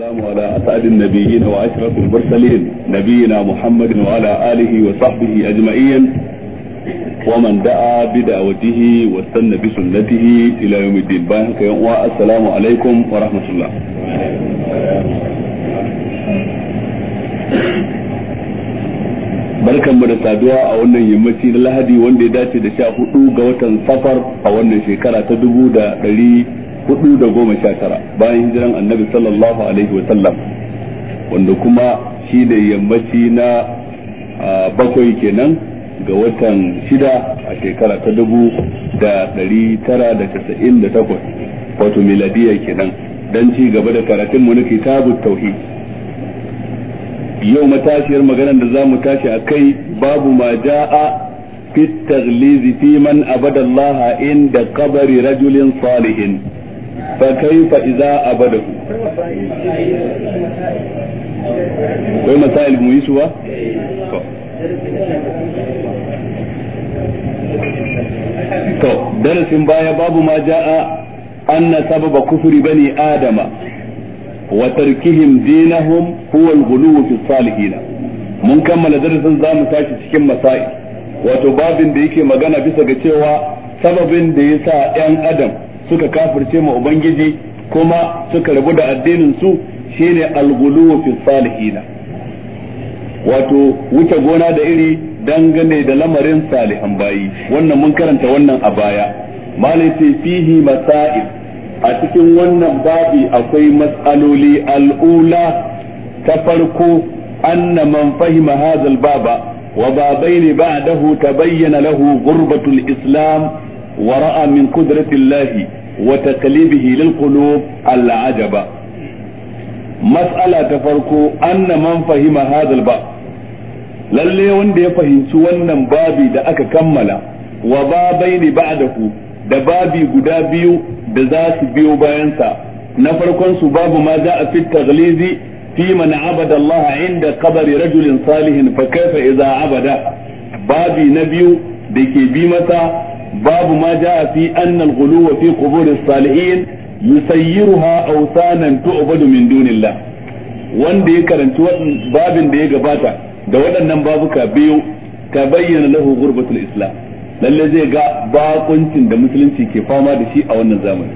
والسلام على أسعد النبيين وأشرف المرسلين نبينا محمد وعلى آله وصحبه أجمعين ومن دعا بدعوته واستنى بسنته إلى يوم الدين بارك والسلام عليكم ورحمة الله barkan mu da saduwa a wannan yammaci na lahadi wanda ya dace da sha hudu ga watan safar a wannan shekara ta dubu da ɗari hudu da goma sha tara bayan jiran annabi sallallahu alaihi wa sallam wanda kuma shi ne yammaci na bakwai kenan ga watan shida a shekara ta dubu da dari tara da casa'in da takwas wato miladiya kenan don ci gaba da karatun mu na kitabu tauhid yau matashiyar maganar da za mu tashi a kai babu ma ja'a في التغليظ في من أبد الله عند قبر رجل صالح fa kaifa idza abadahu akwai masail to darasin baya babu ma jaa anna kufuri kufri bani adama wa tarkihim dinahum huwa al-ghuluw fi salihin mun kammala darasin zamu tashi cikin masail wato babin da yake magana bisa ga cewa sababin da ya sa 'yan adam suka kafirce ma ubangiji kuma suka rabu da addinin su shine al fi salihina wato wuce gona da iri dangane da lamarin salihan bayi wannan mun karanta wannan a baya malaiti fihi masail a cikin wannan babi akwai matsaloli al'ula ta farko anna man fahima hadha baba wa dahu ta bayyana lahu gurbatul islam wa ra'a min qudratillahi wa taqlibihi lil qulub al ajaba mas'ala ta farko anna man fahima hadal ba lalle wanda ya fahimci wannan babi da aka kammala wa babaini ba'dahu da babi guda biyu da za su biyo bayansa na farkon su babu ma za a fi taglizi fi man abada Allah inda qabri rajulin salihin fa kaifa idza abada babi na biyu da ke bi masa babu ma jaa fi anna al-ghuluw fi qubur as-salihin yusayyiruha awsanan tu'badu min dunillah wanda ya karanci babin da ya gabata da waɗannan babu biyu ta bayyana lahu gurbatul islam lallai zai ga bakuncin da musulunci ke fama da shi a wannan zamani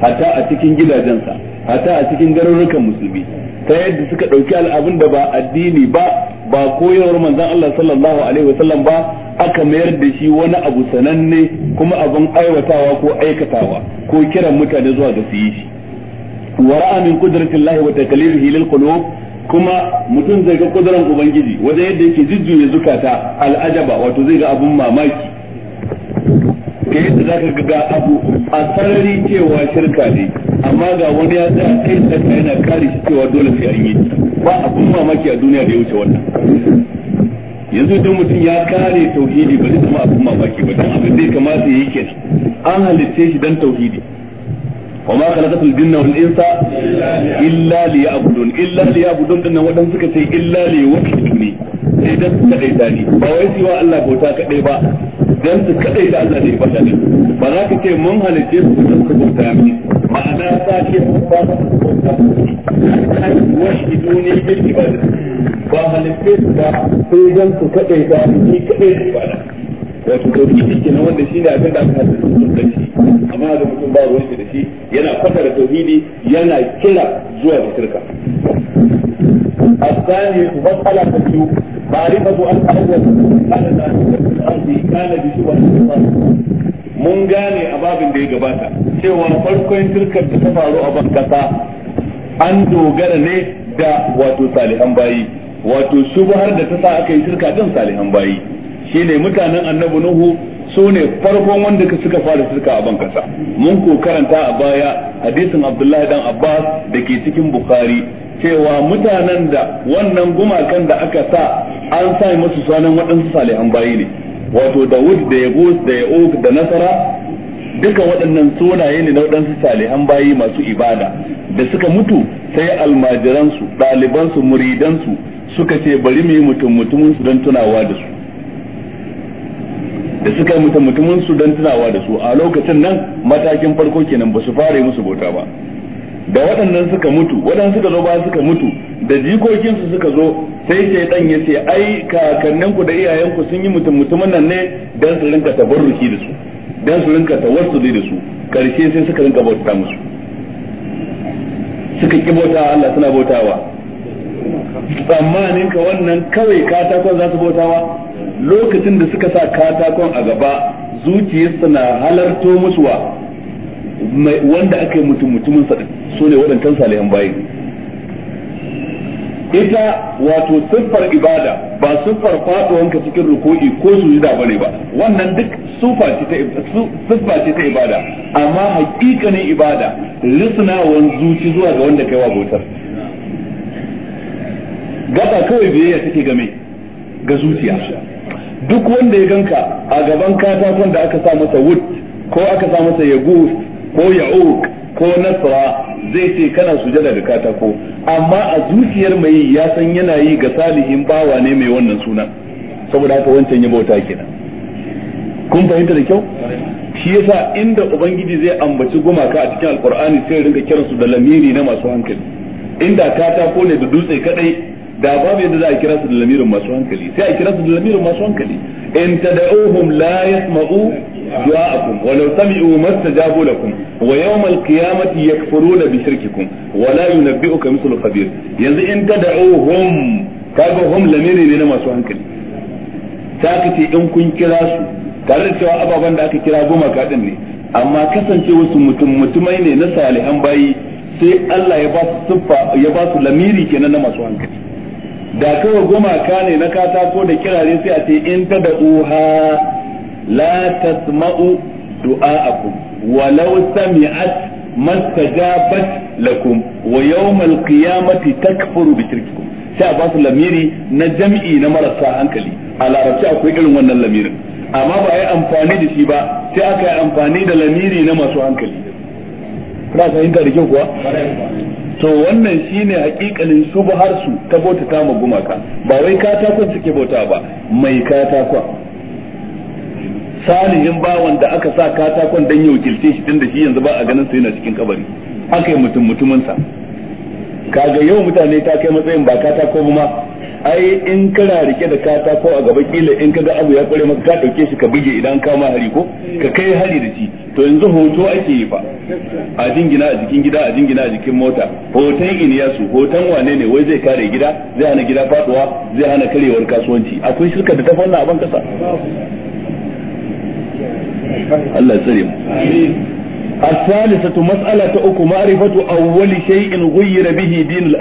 hatta a cikin gidajensa hatta a cikin garurukan musulmi ta yadda suka ɗauki al'abun da ba addini ba ba koyarwar manzon Allah sallallahu alaihi wasallam ba aka mayar da shi wani abu sananne kuma abin aiwatawa ko aikatawa ko kiran mutane zuwa ga su yi shi wara'a min min lahi wa takalifihi lil qulub kuma mutum zai ga kuduran ubangiji wajen yadda yake jujjuya zukata al'ajaba wato zai ga abun mamaki ke yadda zaka ga abu a sarari cewa shirka ne amma ga wani ya tsaya kai tsaka yana kare shi cewa dole sai an yi ba abun mamaki a duniya da ya wuce wannan yanzu idan mutum ya kare tauhidi ba zai zama abun mamaki ba dan abin zai kamata ya yi kenan an halitta shi dan tauhidi وما خلقت الجن والانس الا ليعبدون الا ليعبدون دنا ودان suka ce illa liyawhiduni sai dan su kadai dani ba wai sai wa Allah bauta kadai ba dan su kadai da Allah ne ba ne ba za ka ce mun halice su dan su bauta mini ma'ana za ke ba wasu duni bil ibada ba halitta su ba sai dan su kadai ba ni kadai su ba wato tauhidi kenan wanda shine abin da aka hada su da shi amma da mutum ba ruwan shi da shi yana fata da tauhidi yana kira zuwa ga shirka الثاني مسألة biyu. معرفة أن أول على الأرض كان بشبه mun gane a babin da ya gabata cewa farkon shirkar da ta faru a ban an dogara ne da wato salihan bayi wato su har da ta sa aka yi shirka ɗin salihan bayi shine mutanen annabi nuhu su ne farkon wanda suka fara shirka a ban kasa mun ko karanta a baya hadisin abdullahi dan abbas da ke cikin bukhari cewa mutanen da wannan gumakan da aka sa an sa musu sanan waɗansu salihan bayi ne wato Dawud da Yabus da Ya'uq da Nasara duka waɗannan sunaye ne na waɗansu salihan bayi masu ibada da suka mutu sai almajiransu ɗalibansu muridansu suka ce bari mu yi mutum mutumin su don tunawa da su da suka yi mutum mutumin su don tunawa da su a lokacin nan matakin farko kenan ba su fara musu bauta ba da waɗannan suka mutu waɗansu da zo ba suka mutu da jikokinsu suka zo sai shaidan ya ce ai kakanninku da iyayenku sun yi mutum mutumin nan ne dan su rinka tabarruki da su dan su rinka tawassuli da su karshe sai suka rinka bauta musu suka ki bauta Allah suna bautawa tsammanin ka wannan kawai katakon za su bautawa lokacin da suka sa katakon a gaba zuciyarsu na halarto musuwa wanda aka yi mutum mutumin sa su ne waɗancan salihan bayi ita wato siffar ibada ba siffar faduwanka cikin ruku'i ko sujuda bane ba wannan duk sufa ce ta siffa ce ta ibada amma hakikanin ibada lisnawan zuci zuwa ga wanda kai wa bautar gaba kawai biyayya take game ga zuciya duk wanda ya ganka a gaban katakon da aka sa masa wood ko aka sa masa yagu ko ya'uk ko nasara zai ce kana sujada da katako amma a zuciyar mai ya san yana yi ga salihin bawa ne mai wannan suna saboda haka wancan ya bauta kenan kun fahimta da kyau shi yasa inda ubangiji zai ambaci gumaka a cikin alkur'ani sai rinka kiransu da lamiri na masu hankali inda katako ne da dutse kadai da babu yadda za a kira su da lamirin masu hankali sai a kira su da lamirin masu hankali in tad'uhum la yasma'u جاءكم ولو سمعوا ما استجابوا لكم ويوم القيامة يكفرون بشرككم ولا ينبئك مثل خبير يعني إن تدعوهم كابهم لميري لنا ما سوى هنكلي تاكتي إن كن كلاسو tare شواء أبا ababen da aka kira goma أما كسن amma kasance wasu mutum mutumai ne na salihan bayi sai Allah ya ba su siffa ya ba su lamiri kenan na masu hankali da kawai goma ka ne na katako da kirare sai a ce in ta da uha la tasma'u دعاءكم ولو سمعت ما استجابت wa ويوم القيامة تكفر بشرككم sai ba su lamiri na jam'i na marasa hankali a larabci akwai irin wannan lamirin amma ba a yi amfani da shi ba sai aka yi amfani da lamiri na masu hankali kuna fahimta da kyau kuwa to wannan shine hakikalin su har su ta bauta ta gumaka ba wai katakon suke bauta ba mai katakon salihin bawan da aka sa katakon dan ya kilce shi tunda shi yanzu ba a ganin sa yana cikin kabari aka yi mutum mutumin sa kaga yau mutane ta kai matsayin ba katako ba ma, ai in kana rike da katako a gaba kila in kaga abu ya kware maka ka dauke shi ka buge idan ka ma hari ko ka kai hari da shi to yanzu hoto ake yi fa a jingina a jikin gida a jingina a jikin mota hoton iniyasu hoton wane ne wai zai kare gida zai hana gida faduwa zai hana karewar kasuwanci akwai shirka da ta fanna a ban kasa Allah tsare mu uku مسألة أكو معرفة أول شيء غير به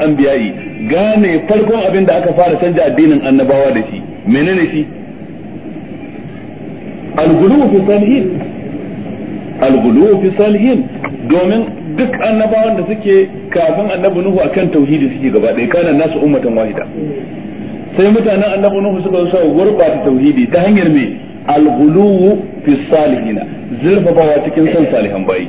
an biyayi. gane farkon abin da aka fara canja addinin annabawa da shi menene shi al-ghuluw salihin al-ghuluw salihin domin duk annabawan da suke kafin annabi nuhu akan tauhidi suke gaba ɗaya kana nasu ummatan wahida sai mutanen annabi nuhu suka zo suka gurbata tauhidi ta hanyar me fi ghuluwu fi salihina zurfafawa cikin son salihan bayi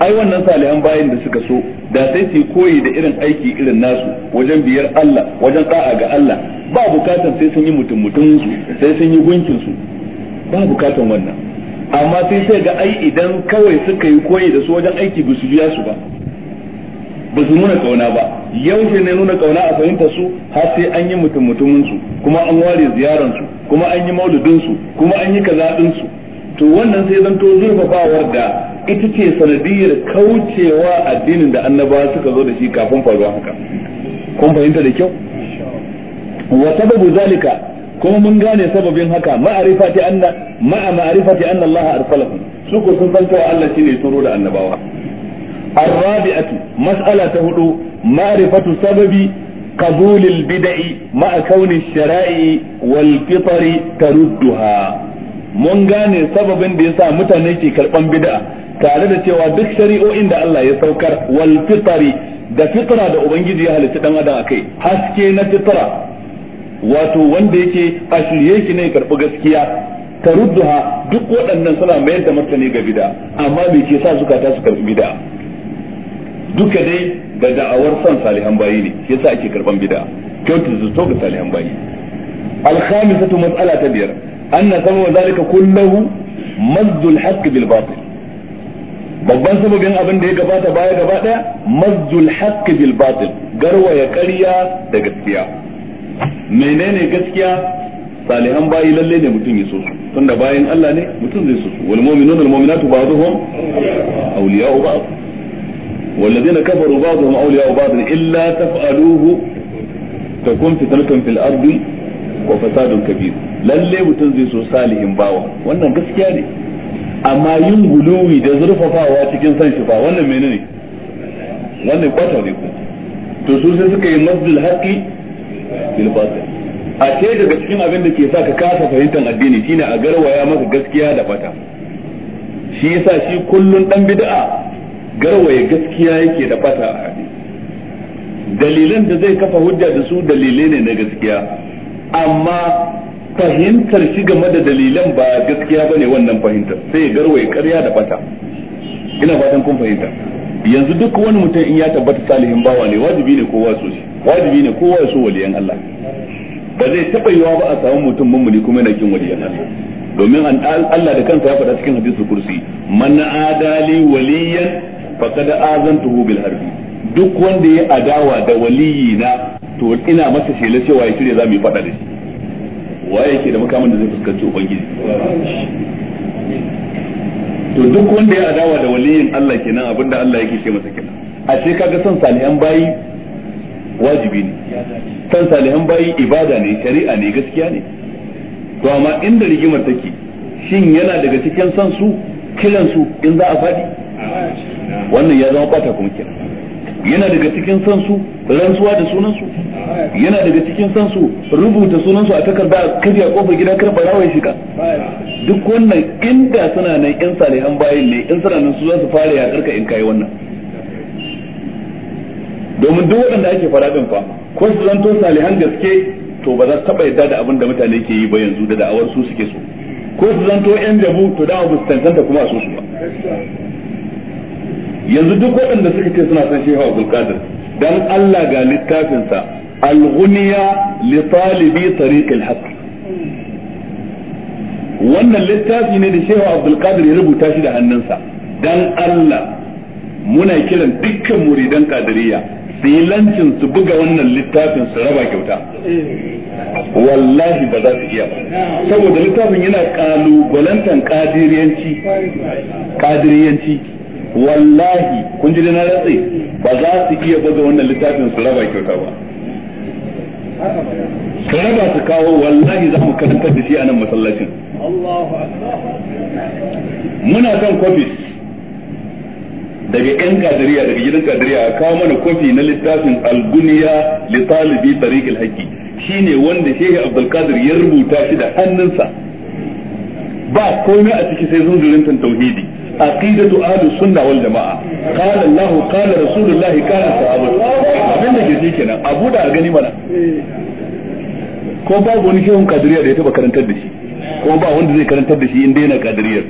ai wannan salihan bayin da suka so da sai su koyi da irin aiki irin nasu wajen biyar Allah wajen ka'a ga Allah ba bukatan sai sun yi mutum mutum sai sun yi gunkin su ba bukatan wannan amma sai sai ga ai idan kawai suka yi koyi da su wajen aiki ba su biya su ba ba su nuna kauna ba yaushe ne nuna kauna a fahimtar su har sai an yi mutum mutumin su kuma an ware ziyaran su kuma an yi mauludin su kuma an yi kaza din su to wannan sai zanto zurfafawar da ita ce sanadiyar kaucewa addinin da annabawa suka zo da shi kafin faruwa haka kun fahimta da kyau wa sababu zalika kuma mun gane sababin haka ma'arifati anna ma'a ma'arifati anna Allah arsalahu su ko sun san cewa Allah shine turo da annabawa الرابعة مسألة هدو معرفة سبب قبول البدع مع كون الشرائع والفطر تردها mun gane sababin da yasa mutane ke karban bid'a tare da cewa duk shari'o'in da Allah ya saukar wal fitari da fitra da ubangiji ya halitta dan adam akai haske na fitra wato wanda yake a shirye ki ne karbi gaskiya tarudduha duk waɗannan suna mayar da martani ga bid'a amma me ke sa ta su karbi bid'a duka dai ga da'awar son salihan bayi ne shi yasa ake karban bid'a kyautata zato ga salihan bayi al-khamisatu mas'ala ta biyar anna sama zalika kullahu mazdul haqq bil batil babban sababin abin da ya gabata baya gaba daya mazdul haqq bil batil garwaya ƙarya da gaskiya menene gaskiya salihan bayi lalle ne mutum ya so su tunda bayan Allah ne mutum zai so su wal mu'minuna wal mu'minatu ba'dhum awliya'u ba'd والذين كفروا بعضهم أولياء بعض إلا تفعلوه تكون فتنة في الأرض وفساد كبير lalle mutum zai so salihin bawa wannan gaskiya ne amma yin guluwi da zurfafawa cikin san shi fa wannan menene wannan kwata ne ku to su sai suka yi masjid haqqi bil batil a ce daga cikin abin da ke sa ka kasa fahimtar addini shine a garwaya maka gaskiya da fata shi yasa shi kullun dan bid'a garwaye gaskiya yake da fata a hadisi dalilan da zai kafa hujja da su dalilai ne na gaskiya amma fahimtar shi game da dalilan ba gaskiya ba ne wannan fahimtar sai garwaye karya da fata ina fatan kun fahimta yanzu duk wani mutum in ya tabbata salihin bawa ne wajibi ne kowa so shi wajibi ne kowa so waliyan Allah ba zai taba yiwa ba a samu mutum mummuni kuma yana kin waliyan Allah domin Allah da kansa ya faɗa cikin hadisul kursi man adali waliyan faqad azantuhu bil harbi duk wanda ya adawa da waliyi na to ina masa shela cewa ya shirya za mu fada da shi waye yake da makamin da zai fuskanci ubangiji to duk wanda ya adawa da waliyin Allah kenan abinda Allah yake ce masa kenan a ce kaga son salihan bayi wajibi ne san salihan bayi ibada ne shari'a ne gaskiya ne to amma inda rigimar take shin yana daga cikin san su kiran su in za a faɗi wannan ya zama bata kuma kenan yana daga cikin san su rantsuwa da sunan su yana daga cikin san su rubuta sunan su a takarda a karya kofar gida kar barawa ya shiga duk wannan inda suna nan yan salihan bayin ne in suna nan su za su fara ya karka in kai wannan domin duk waɗanda ake fara din fa ko su zanto salihan gaske to ba za su taba yadda da abin da mutane ke yi ba yanzu da da'awar su suke so ko su zanto yan jabu to da ba su tantanta kuma a so su ba yanzu duk waɗanda suka ce suna son shehu abul qadir dan Allah ga littafinsa al-ghuniya li talibi tariq al wannan littafi ne da shehu abul qadir ya rubuta shi da hannunsa dan Allah muna kiran dukkan muridan kadiriya su yi lancin su buga wannan littafin su raba kyauta wallahi ba za su iya ba saboda littafin yana kalubalantan kadiriyanci kadiriyanci wallahi kun ji na ratse ba za su iya buga wannan littafin su raba kyauta ba su raba su kawo wallahi za mu karanta da shi a nan masallacin muna kan kofi daga yan kadiriya daga gidan kadiriya a kawo mana kofi na littafin alguniya li talibi tariqil haqi shine wanda shehi abdulkadir ya rubuta shi da hannunsa ba komai a ciki sai zunzurin tauhidi aqidatu adu sunna jamaa qala allah qala rasulullahi qala sahabu abin da ke kenan gani mana ko babu wani shehun kadiriya da ya taba karantar da shi ko ba wanda zai karantar da shi inda yana kadiriyar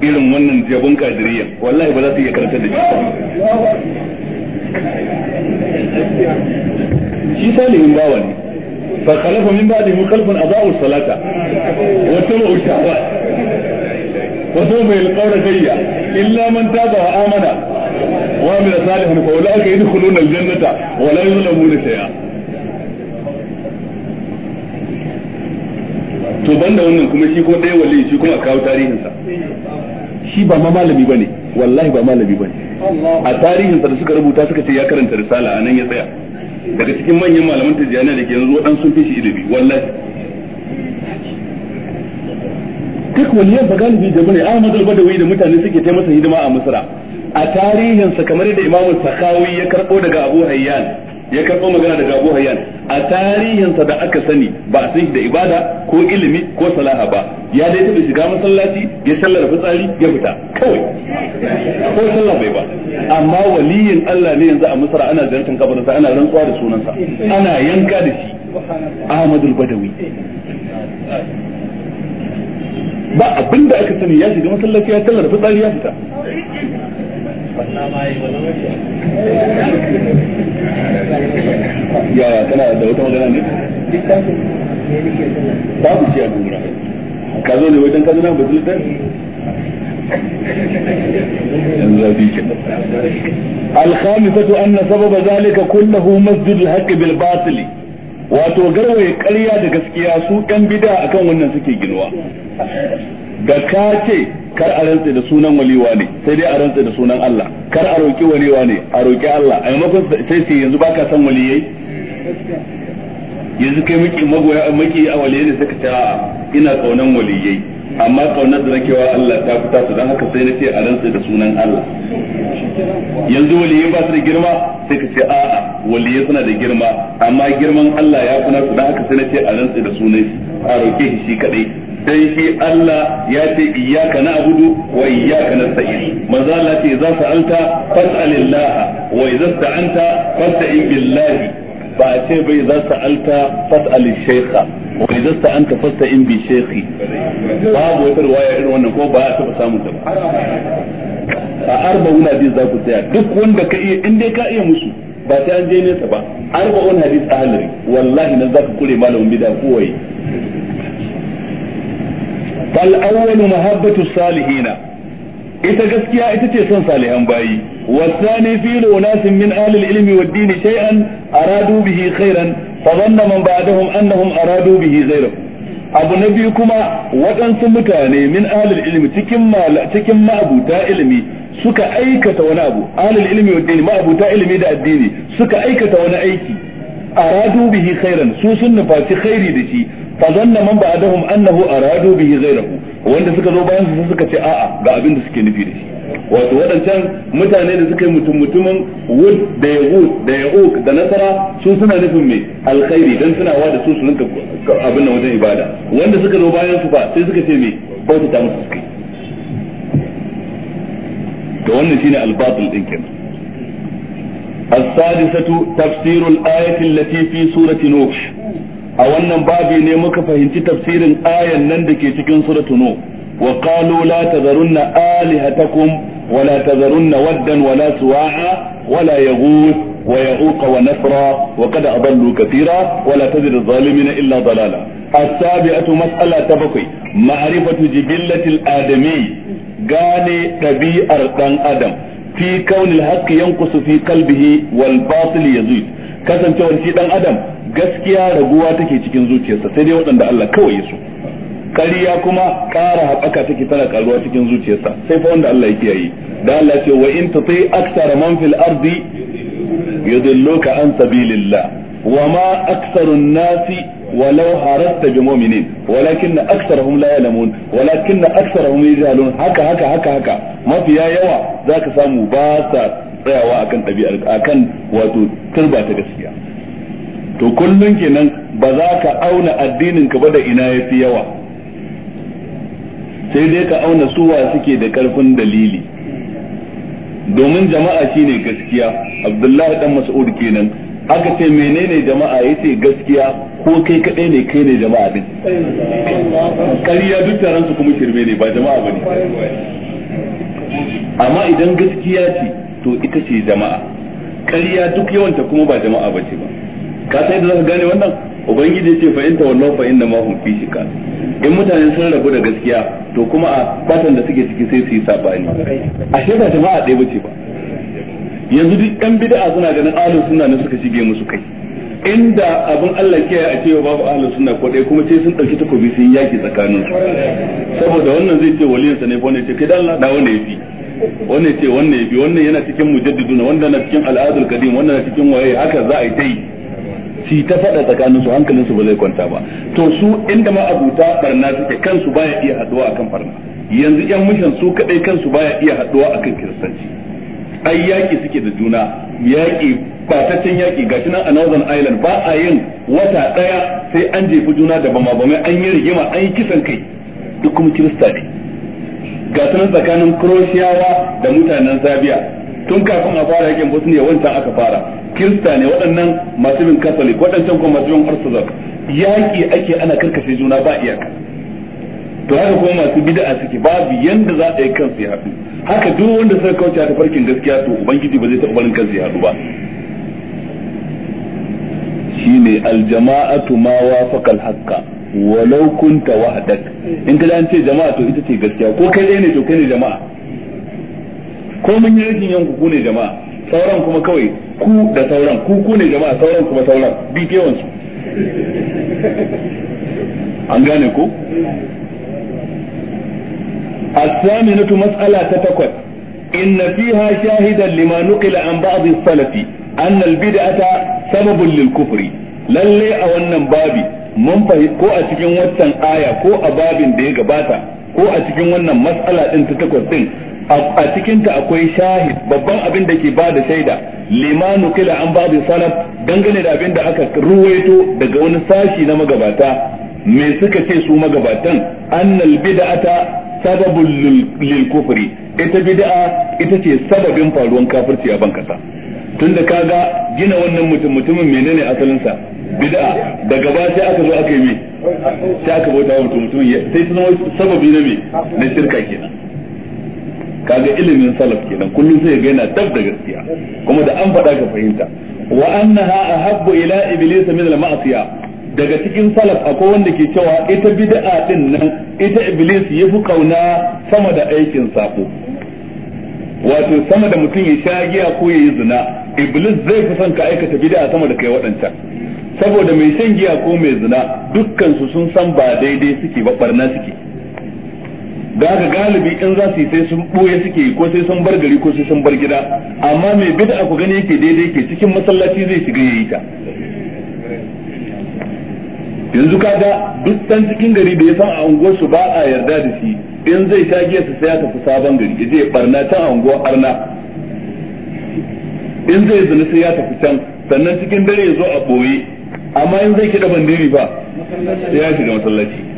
irin wannan jabon kadiriyar wallahi ba za su iya karantar da shi shi salihin bawa ne fa khalafa min ba'di mukhalifun adaa'u salata wa tabu'u shahawat وسوف القول غيا إلا من تاب وآمن وعمل صالحا فأولئك يدخلون الجنة ولا يظلمون شيئا to banda wannan kuma shi ko dai wali shi kuma kawo tarihinsa shi ba ma malami bane wallahi ba malami bane a tarihinsa da suka rubuta suka ce ya karanta risala a nan ya tsaya daga cikin manyan malaman tijjaniya da ke yanzu waɗansu sun fi shi ilimi wallahi duk waliyan fa galibi da bane a al-Badawi da mutane suke ta masa hidima a Misra a tarihin sa kamar da Imam sakawi ya karbo daga Abu Hayyan ya karbo magana daga Abu Hayyan a tarihin da aka sani ba a da ibada ko ilimi ko salaha ba ya dai taɓa shiga masallaci ya sallar fitsari ya fita kawai ko sallah bai ba amma waliyin Allah ne yanzu a Misra ana ziyartar kabarinsa ana rantsuwa da sunansa ana yanka da shi Ahmadul badawi ba abinda aka sani ya shiga masallaci ya tallar fitsari ya fita ya kana da wata magana ne babu shi a gura ka zo ne wajen ka zo na batul dan yanzu zafi ke الخامسة أن سبب ذلك كله مسجد الحق بالباطل wato garwaye ƙarya da gaskiya su ɗan bida akan wannan suke ginuwa da ka ce kar a rantse da sunan waliwa ne sai dai a rantse da sunan Allah kar a roƙi waliwa ne a roƙi Allah a maimakon sai sai yanzu ba ka san waliyai yanzu kai miki magoya maki a waliyai ne suka ce ina kaunan waliyai amma kaunar da nake wa Allah ta fita su dan haka sai nace a rantsa da sunan Allah yanzu waliyai ba su da girma sai ka ce a'a waliyai suna da girma amma girman Allah ya kuna su dan haka sai nace a rantsa da sunan a roke shi shi kadai dan shi Allah ya ce iyyaka na'budu wa iyyaka nasta'in manzo Allah ce idza sa'alta fas'alillah wa idza sta'anta fasta'in billahi ba a ce bai za ta alta fas'al shaykha wa idza ta anta fasta'in bi shaykhi babu wata riwaya irin wannan ko ba a taɓa samun ta ba a arba arba'un hadis za ku tsaya duk wanda ka iya in ka iya musu ba sai an je nesa ba arba wani hadis a halari wallahi nan ka kure malamin bid'a ko waye fal awwalu mahabbatu salihina ita gaskiya ita ce son salihan bayi wasani fi unasin min ahli ilmi wad din shay'an aradu bihi khairan fa dhanna man ba'dahum annahum aradu bihi ghayrahu abu na biyu kuma waɗansu mutane min ahli ilmi cikin cikin ma'abuta ilmi suka aikata wani abu ahli ilmi wad din ma'abuta ilmi da addini suka aikata wani aiki aradu bihi khairan su sun nufaci khairi da shi fa zanna man ba'dahum annahu aradu bihi ghayrahu wanda suka zo bayan su suka ce a'a ga abin da suke nufi da shi wato waɗancan mutane da suka yi mutum mutumin wud da yahud da yahud da nasara su suna nufin mai alkhairi dan suna wa da su su ninka abin nan wajen ibada wanda suka zo bayan su fa sai suka ce mai bauta ta musu suke to wannan shine al din kenan السادسة تفسير الآية التي في سورة نوح a wannan babi ne muka fahimci tafsirin ayan nan da ke cikin suratu nu wa qalu la tazarunna alihatakum wa la tazarunna waddan wa la suwa'a wa la yaghus wa ya'uq wa nasra wa qad adallu katira wa la tazid adh illa dalala as-sabi'atu mas'ala ta bakwai ma'rifatu jibillati al-adami gane tabi'ar dan adam fi kaunil haqqi yanqusu fi qalbihi wal batil yazid kasancewar shi dan adam gaskiya raguwa take cikin zuciyarsa sai dai waɗanda Allah kawai ya so ƙarya kuma ƙara haɓaka take tana ƙaruwa cikin zuciyarsa sai fa wanda Allah ya kiyaye da Allah ce wa in tuti aksara man fil ardi yudilluka an sabilillah wa ma aksarun nasi ولو حرصت بمؤمنين ولكن اكثرهم لا يعلمون ولكن اكثرهم يجهلون haka haka هكا هكا ما في يوا ذاك ba sa tsayawa akan ɗabi'ar akan wato turba ta gaskiya to kullun kenan ba za ka auna addinin ka ba da ina ya fi yawa sai dai ka auna suwa suke da karfin dalili domin jama'a shine gaskiya abdullahi dan mas'ud kenan aka ce menene jama'a yace gaskiya ko kai kadai ne kai ne jama'a din kariya duk taron su kuma shirme ne ba jama'a bane amma idan gaskiya ce to ita ce jama'a kariya duk yawanta kuma ba jama'a bace ba ka sai da zaka gane wannan ubangiji ce fa in tawallaw fa inna ma hum fi shikak in mutane sun rabu da gaskiya to kuma a fatan da suke ciki sai su yi sabani ashe ba jama'a ɗaya bace ba yanzu duk ɗan bid'a suna ganin ahlus sunna ne suka shige musu kai inda abin Allah kiyaye a cewa babu ahlus sunna ko dai kuma sai sun dauki takobi sun yaki tsakanin su saboda wannan zai ce waliyin sa ne ko ne ce kai dan da wanda yafi wanda ce wannan yafi wannan yana cikin mujaddiduna wanda na cikin al'adul kadim wanda na cikin waye haka za a yi ta yi shi ta faɗa hankalin su ba zai kwanta ba to su inda ma abuta barna suke kansu baya iya haduwa akan barna yanzu yan mishan su kadai kansu baya iya haduwa akan kiristanci ai yaki suke da juna yaki bataccen yaki ga nan a Northern ba a yin wata daya sai an jefi juna da bama bamai an yi rigima an yi kisan kai duk kuma kirista ne ga tsakanin croatia da mutanen zabiya. tun kafin a fara yakin bosniya wancan aka fara kirista ne waɗannan masu bin catholic waɗancan kuma masu bin orthodox yaƙi ake ana karkashe juna ba iyaka to haka kuma masu bid'a suke babu yanda za a yi kansu ya haɗu haka duk wanda suka kauce ta farkin gaskiya to ubangiji ba zai taɓa barin kansu ya haɗu ba shine aljama'atu ma wafaqa al-haqqa walau kunta wahdak in ka an ce jama'a to ita ce gaskiya ko kai ne to kai ne jama'a ko mun yi rikin yanku ku ne jama'a sauran kuma kawai ku da sauran ku ku ne jama'a sauran kuma sauran bi kewan su an gane ku? ta takwas, inna الثامنة مسألة تتكت إن فيها شاهدا لما salafi an بعض السلف أن البدعة سبب lalle a wannan babi mun fahi ko a cikin watan aya ko a babin da ya gabata ko a cikin wannan mas'ala din ta takwas din a cikin ta akwai shahid babban abin da ke ba da shaida limanu kila an ba salaf dangane da abin da aka ruwaito daga wani sashi na magabata me suka ce su magabatan annal bid'ata sababul lil kufri ita bid'a ita ce sababin faruwan kafirci a bankasa tunda kaga gina wannan mutum mutumin menene asalinsa bid'a daga ba sai aka zo aka yi me sai aka bauta wa mutum mutum sai sun sababi na me na shirka kenan kaga ilimin salaf kenan kullum sai ga yana dab da gaskiya kuma da an faɗa ka fahimta wa annaha ahabbu ila iblis min al ma'siya daga cikin salaf akwai wanda ke cewa ita bid'a din nan ita iblis yafi kauna sama da aikin sako wato sama da mutum ya sha giya ko ya yi zina iblis zai fi son ka aikata bid'a sama da kai waɗancan saboda mai shan giya ko mai zina dukkan su sun san ba daidai suke ba barna suke da haka galibi in za su yi sai sun ɓoye suke ko sai sun bar gari ko sai sun bar gida amma mai bid'a ku gani yake daidai ke cikin masallaci zai shiga yayi ta yanzu kaga duk dan cikin gari da ya san a unguwar su ba a yarda da shi in zai ta giya su sai ya tafi sabon gari ya je barna ta unguwar arna in zai zina sai ya tafi can sannan cikin dare ya zo a ɓoye amma in zai kiɗa bandiri fa ya shiga masallaci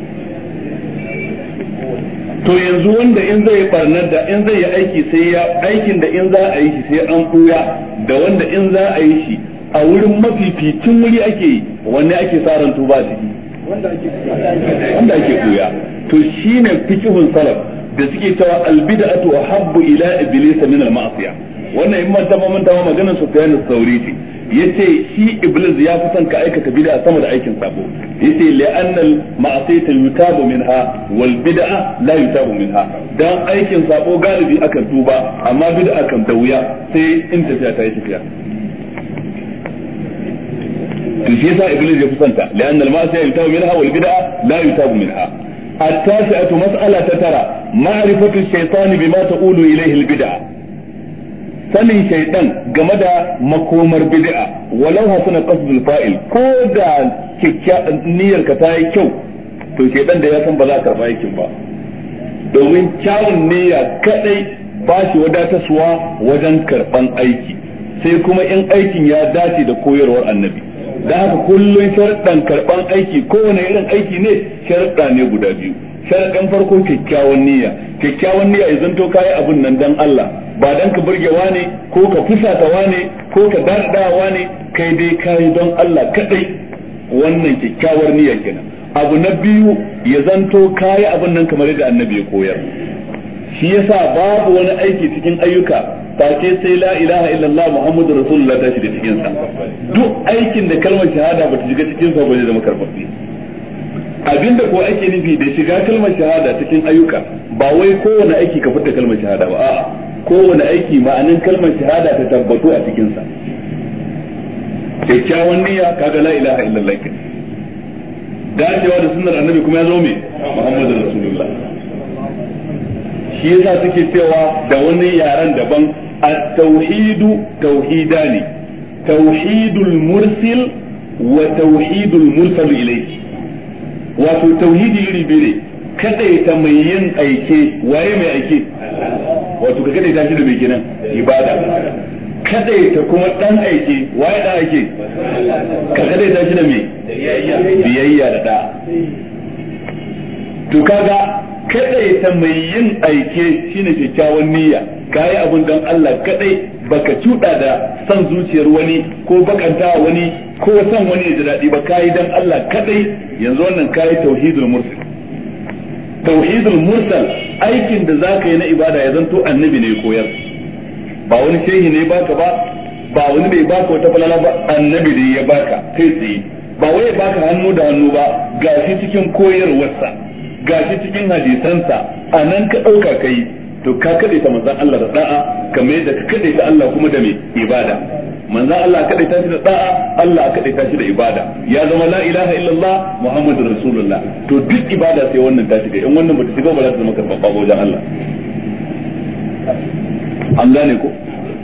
to yanzu wanda in zai barnar da in zai yi aiki sai ya aikin da in za a yi shi sai an buya da wanda in za a yi shi a wurin mafificin wuri ake yi wanne ake sa tuba ciki wanda ake koya to shine fikihun salaf da suke cewa albid'atu habbu ila iblis min al-ma'siyah wannan in manta ma manta ma maganar Sufyan al-Thawri ce yace shi iblis ya fi son ka aikata bid'a sama da aikin sabo yace li'anna al-ma'siyata yutabu minha wal bid'a la yutabu minha dan aikin sabo galibi akan tuba amma bid'a kan da wuya sai in tafiya ta yi tafiya to shi yasa iblis ya fi son ta li'anna al-ma'siyata yutabu minha wal bid'a la yutabu minha التاسعة مسألة ترى معرفة الشيطان بما تقول إليه البدعة sanin shaidan game da makomar bid'a walau hasuna qasdul fa'il ko da niyyar ka ta yi kyau to shaidan da ya san ba za ka karba yakin ba domin kyawun niyya kadai ba shi wadatarwa wajen karban aiki sai kuma in aikin ya dace da koyarwar annabi da haka kullum sharɗan karban aiki kowane irin aiki ne sharɗa ne guda biyu sharaɗin farko kyakkyawan niyya kyakkyawan niyya ya zanto kayi abun nan dan Allah ba dan ka burge ne ko ka fusatawa ne ko ka dardawa ne kai dai kai don Allah kadai wannan kyakkyawar niyyar kina abu na biyu ya zanto kayi abin nan kamar yadda annabi ya koyar shi yasa babu wani aiki cikin ayyuka take sai la ilaha illallah muhammadu rasulullah ta shiga cikin sa duk aikin da kalmar shahada ba ta shiga cikin sa ba zai zama abinda ko ake nufi da shiga kalmar shahada cikin ayyuka ba wai kowane aiki ka fita kalmar shahada ba a'a kowane aiki ma'anin kalmar shahada ta tabbatu a cikinsa kyakkyawan niyya kaga la ilaha illallah kin dacewa da sunnar annabi kuma ya zo me muhammadu rasulullah shi yasa suke cewa da wani yaren daban at-tauhidu tauhidani tauhidul mursil wa tauhidul mursal ilayhi wato tauhidi iri biyu ne kadaita mai yin aike waye mai aike wato ka kada ta shi da mai kenan ibada kada ta kuma dan aiki waye dan aiki ka kada ta shi da mai biyayya da da to kaga kada ta mai yin aike shine kyakkyawan niyya kayi abun dan Allah kadai baka cuda da san zuciyar wani ko bakanta wani ko san wani da daɗi ba kai dan Allah kadai yanzu wannan kayi tauhidul mursal tauhidul mursal aikin da za ka yi na ibada ya zanto annabi ne koyar ba wani shehi ne baka ba ba wani bai baka wata falala ba annabi ne ya baka kai tsaye ba wai baka hannu da hannu ba gashi cikin koyarwarsa gashi cikin hadisansa a nan ka ɗauka kai to ka kaɗe ta manzan Allah da ɗa'a kamar yadda ka kaɗe ta Allah kuma da mai ibada manzon Allah ka daita shi da da'a Allah ka daita shi da ibada ya zama la ilaha illallah muhammadur rasulullah to duk ibada sai wannan ta shiga in wannan bata shiga ba za ta zama karɓar ba wajen Allah an gane ko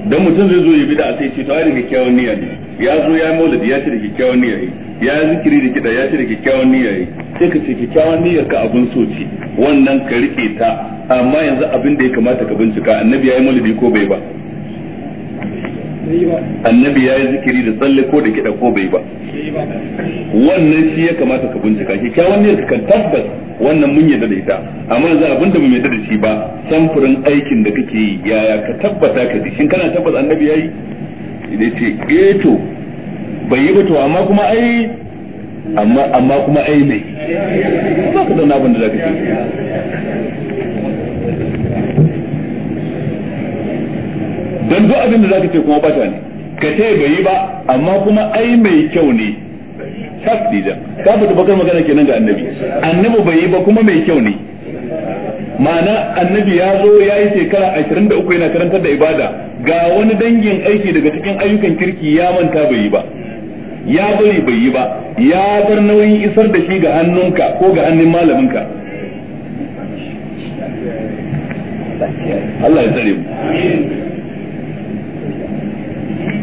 dan mutum zai zo ya da sai ce to ai da kyakkyawan niyya ne ya zo ya maulidi ya ce da kyakkyawan niyya ya zikiri da kida ya ce da kyakkyawan niyya sai ka ce kyakkyawan niyyar ka abun so ce wannan ka rike ta amma yanzu abin da ya kamata ka bincika annabi ya yi maulidi ko bai ba annabi ya yi zikiri da tsalle ko da kiɗa ko bai ba wannan shi ya kamata ka bincika shi kyawun ne ka tabbas wannan mun yadda da ita amma yanzu abinda mu yadda da shi ba samfurin aikin da kake yi yaya ka tabbata ka shin kana tabbas annabi ya yi da ce eh to bai yi ba to amma kuma ai amma amma kuma ai mai ba ka da abin da zaka dan duk abin da zaka ce kuma bata ne ka ce bai yi ba amma kuma ai mai kyau ne tasdida ka fita bakar magana kenan ga annabi annabi bai yi ba kuma mai kyau ne ma'ana annabi ya zo ya yi shekara 23 yana karantar da ibada ga wani dangin aiki daga cikin ayyukan kirki ya manta bai yi ba ya bari bai yi ba ya bar nauyin isar da shi ga hannunka ko ga hannun malaminka Allah ya tsare mu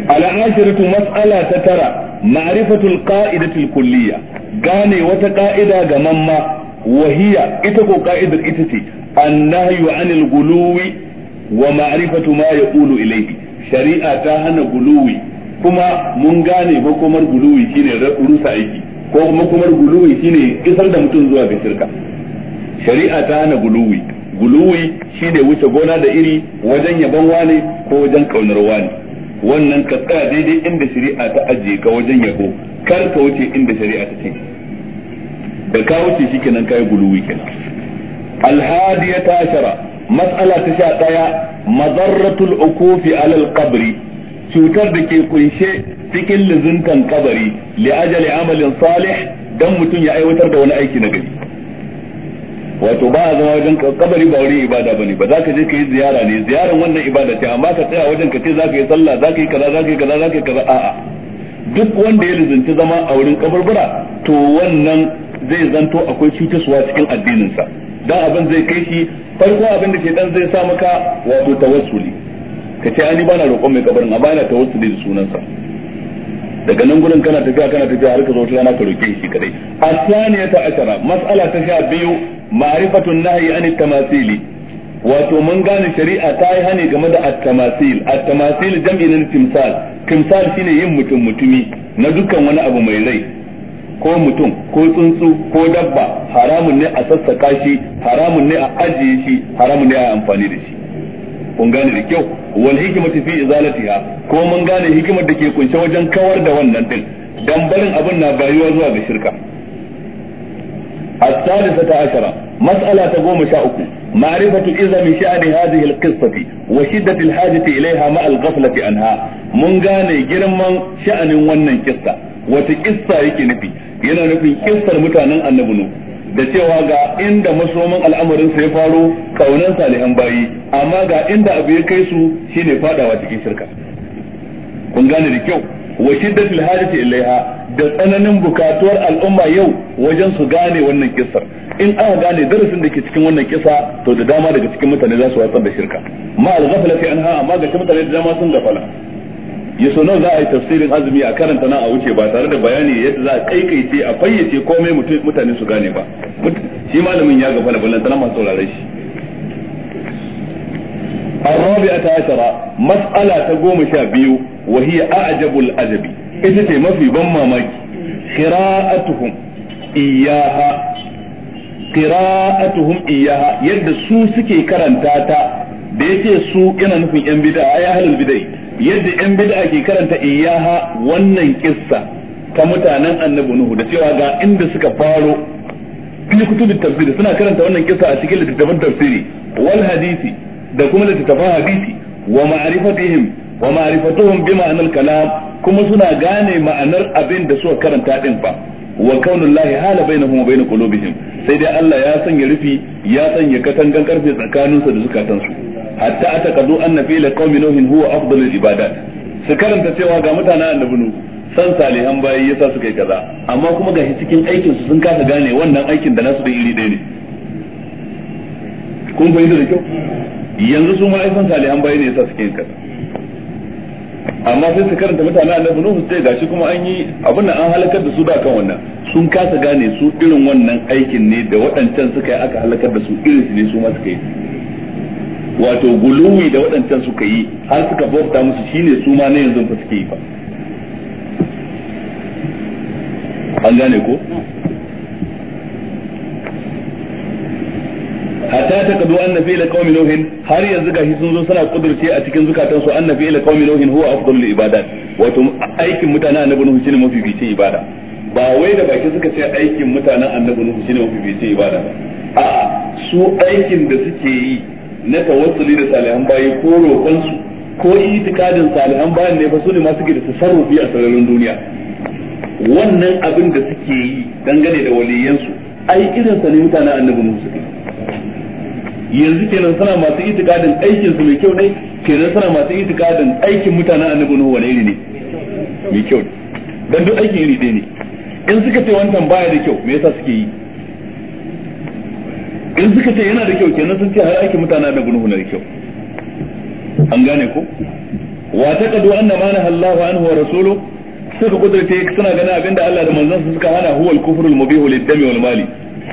al'ashiratu mas'ala ta tara ma'rifatul qa'idatul kulliyya gane wata ƙa'ida ga mamma wahiya ita ko ka'idar ita ce annahyu anil guluwi wa ma'rifatu ma yaqulu ilayhi shari'a ta hana guluwi kuma mun gane makomar guluwi shine rusa aiki ko makomar guluwi shine isar da mutum zuwa ga shari'a ta hana guluwi guluwi shine wuce gona da iri wajen yabon wane ko wajen kaunar wane wannan ka tsaya daidai inda shari'a ta ajiye ka wajen yabo kar ka wuce inda shari'a ta ce da ka wuce shikenan kai guluwi kenan ta shara matsala ta sha daya mazarratul ukufi alal qabri cutar da ke kunshe cikin lizuntan kabari li ajali amalin salih dan mutum ya aiwatar da wani aiki na gari wato ba a zama wajen kabari ba wurin ibada bane ba za ka je ka yi ziyara ne ziyaran wannan ibada ce amma ka tsaya wajen ka ce za ka yi sallah za ka yi kaza za ka yi kaza za ka yi kaza a'a duk wanda ya lizinci zama a wurin kaburbura to wannan zai zanto akwai cutaswa cikin addininsa dan abin zai kai shi farko abin da ke dan zai sa maka wato tawassuli ka ce ani bana roƙon mai kabarin amma ina tawassuli da sunansa daga nan gurin kana tafiya kana tafiya har ka zo wata rana ka roƙe shi kadai asaniyata ashara mas'ala ta sha biyu ma'rifatun nahyi anit tamasili wato mun gane shari'a ta yi hani game da at-tamasil at-tamasil jam'in timsal timsal shine yin mutum mutumi na dukkan wani abu mai rai ko mutum ko tsuntsu ko dabba haramun ne a sassaka shi haramun ne a ajiye shi haramun ne a amfani da shi kun gane da kyau wal hikmatu fi izalatiha ko mun gane hikimar da ke kunshe wajen kawar da wannan din dambarin abin na bayuwa zuwa ga shirka الثالثة عشرة مسألة تقوم شاؤك معرفة إذا شأن هذه القصة وشدة الحاجة إليها مع الغفلة عنها من قال جرما شأن ونن قصة وتقصة يكي نفي yana nufin kissar mutanen annabi da cewa ga inda masomin al'amarin ya faro kaunan salihan bayi amma ga inda abu ya kai su shine fadawa cikin shirka kun gane da kyau wa shiddatul hajati ilaiha da tsananin bukatuwar al'umma yau wajen su gane wannan kisar in aka gane darasin da ke cikin wannan kisa to da dama daga cikin mutane za su watsar da shirka ma al-ghafla fi anha amma ga mutane da dama sun gafala ya so nawa za a yi tafsirin azumi a karanta na a wuce ba tare da bayani yadda za a kaikaice a fayyace komai mutane su gane ba shi malamin ya gafala ballan tana masu saurare shi الرابعة عشرة مسألة تقوم شابيو وهي أعجب الأدب ita ce mafi ban mamaki qira'atuhum iyaha qira'atuhum iyaha yadda su suke karanta ta da yace su yana nufin yan bid'a ya halal bid'ai yadda yan bid'a ke karanta iyaha wannan kissa ta mutanen annabi nuhu da cewa ga inda suka faro fi kutubin tafsiri suna karanta wannan kissa a cikin littattafan tafsiri wal hadisi da kuma littattafan hadisi wa ma'rifatihim wa ma'rifatuhum bi ma'anal kalam kuma suna gane ma'anar abin da suka karanta din ba wa kaunullahi hala bainahum wa bain qulubihim sai dai Allah ya sanya rufi ya sanya katangan karfe tsakaninsu da su hatta atakadu anna la qaumi nuhin huwa afdalul ibadat su karanta cewa ga mutanen annabi nuhu san salihan bayi yasa suka yi kaza amma kuma gashi cikin aikin su sun kasa gane wannan aikin da nasu da iri ɗaya ne kun fahimta da kyau yanzu su ma ai san salihan bayi ne yasa suke yin kaza amma sai su karanta mutane annabi nuhu sai gashi kuma an yi abin nan an halakar da su da kan wannan sun kasa gane su irin wannan aikin ne da waɗancan suka yi aka halakar da su irin su ne su ma suka yi wato guluwi da waɗancan suka yi har suka bauta musu shine su ma na yanzu ba suke yi ba an gane ko hatta ta kadu annabi ila qaumi nuhin har yanzu gashi sun zo suna kudurce a cikin zukatan su annabi ila qaumi nuhin huwa afdalu ibadat wato aikin mutanen annabi nuhu shine mafi bice ibada ba wai da baki suka ce aikin mutanen annabi nuhu shine mafi bice ibada a su aikin da suke yi na tawassuli da salihan bayi ko roƙon su ko itikadin salihan bayan ne fa su ne ma suke da tasarrufi a sararin duniya wannan abin da suke yi dangane da waliyansu ai irin sa ne mutanen annabi nuhu suke yanzu kenan suna masu itikadin aikin su mai kyau ne kenan suna masu itikadin aikin mutanen annabi nuhu wani iri ne mai kyau dan duk aikin iri ɗaya ne in suka ce wancan baya da kyau me yasa suke yi in suka ce yana da kyau kenan sun ce har aikin mutanen annabi nuhu na da kyau an gane ko wa taqadu anna ma nahallahu anhu wa rasuluhu suka kudurce suna ganin abinda Allah da manzon suka hana huwal kufrul mubihu lid-dami wal mali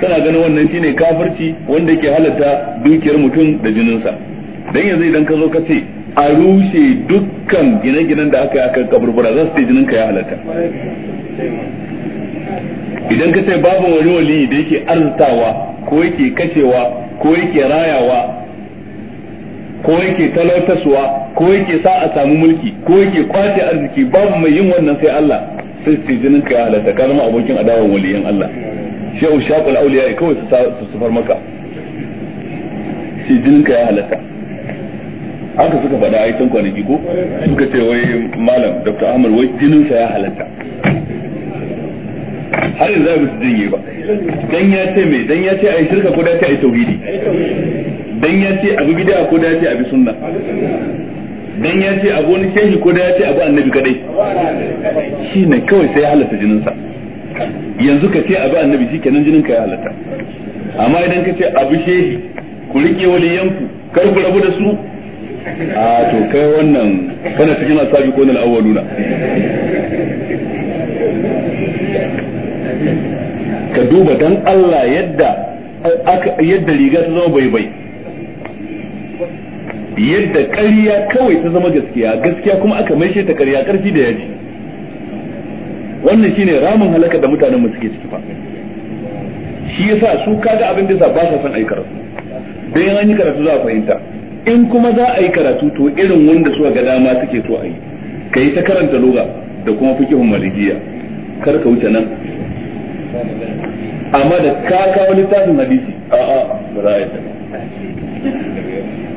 sana ganin wannan shine kafirci wanda yake halatta dukiyar mutum da jininsa dan yanzu idan ka zo ka ce a rushe dukkan gine-ginen da aka yi akan kaburbura za su ce jinin ka ya halatta idan ka ce babu wani wali da yake arzutawa ko yake kashewa ko yake rayawa ko yake talautaswa ko yake sa a samu mulki ko yake kwace arziki babu mai yin wannan sai Allah sai ce jinin ka ya halatta ka zama abokin adawar waliyan Allah shi ushaqul auliya kawai su sufar maka shi jininka ya halatta haka suka faɗa a can kwanaki ko suka ce wai malam dr ahmad wai jininsa ya halatta har yanzu ba su jinye ba dan ya ce mai dan ya ce a yi shirka ko da ce a yi tauhidi dan ya ce abu bid'a ko da ce abu sunna dan ya ce abu wani shehi ko da ya ce abu annabi kadai shi ne kawai sai ya halatta jininsa yanzu ka ce abi annabi shi kenan jinin ka ya halatta amma idan ka ce abu shehi ku rike waliyanku kar ku rabu da su a to kai wannan kana cikin asabi ko nan awwaluna ka duba dan Allah yadda yadda riga ta zama bai bai yadda ƙarya kawai ta zama gaskiya gaskiya kuma aka maishe ta ƙarya ƙarfi da yaji wannan shine ramin halaka da mutanen mu suke ciki fa shi yasa su kaga abin da ba sa son ayi karatu dan an yi karatu za a fahimta in kuma za a yi karatu to irin wanda su ga dama suke so a yi kai ta karanta lugha da kuma fikihun malikiya kar ka wuce nan amma da ka kawo littafin hadisi a a ba za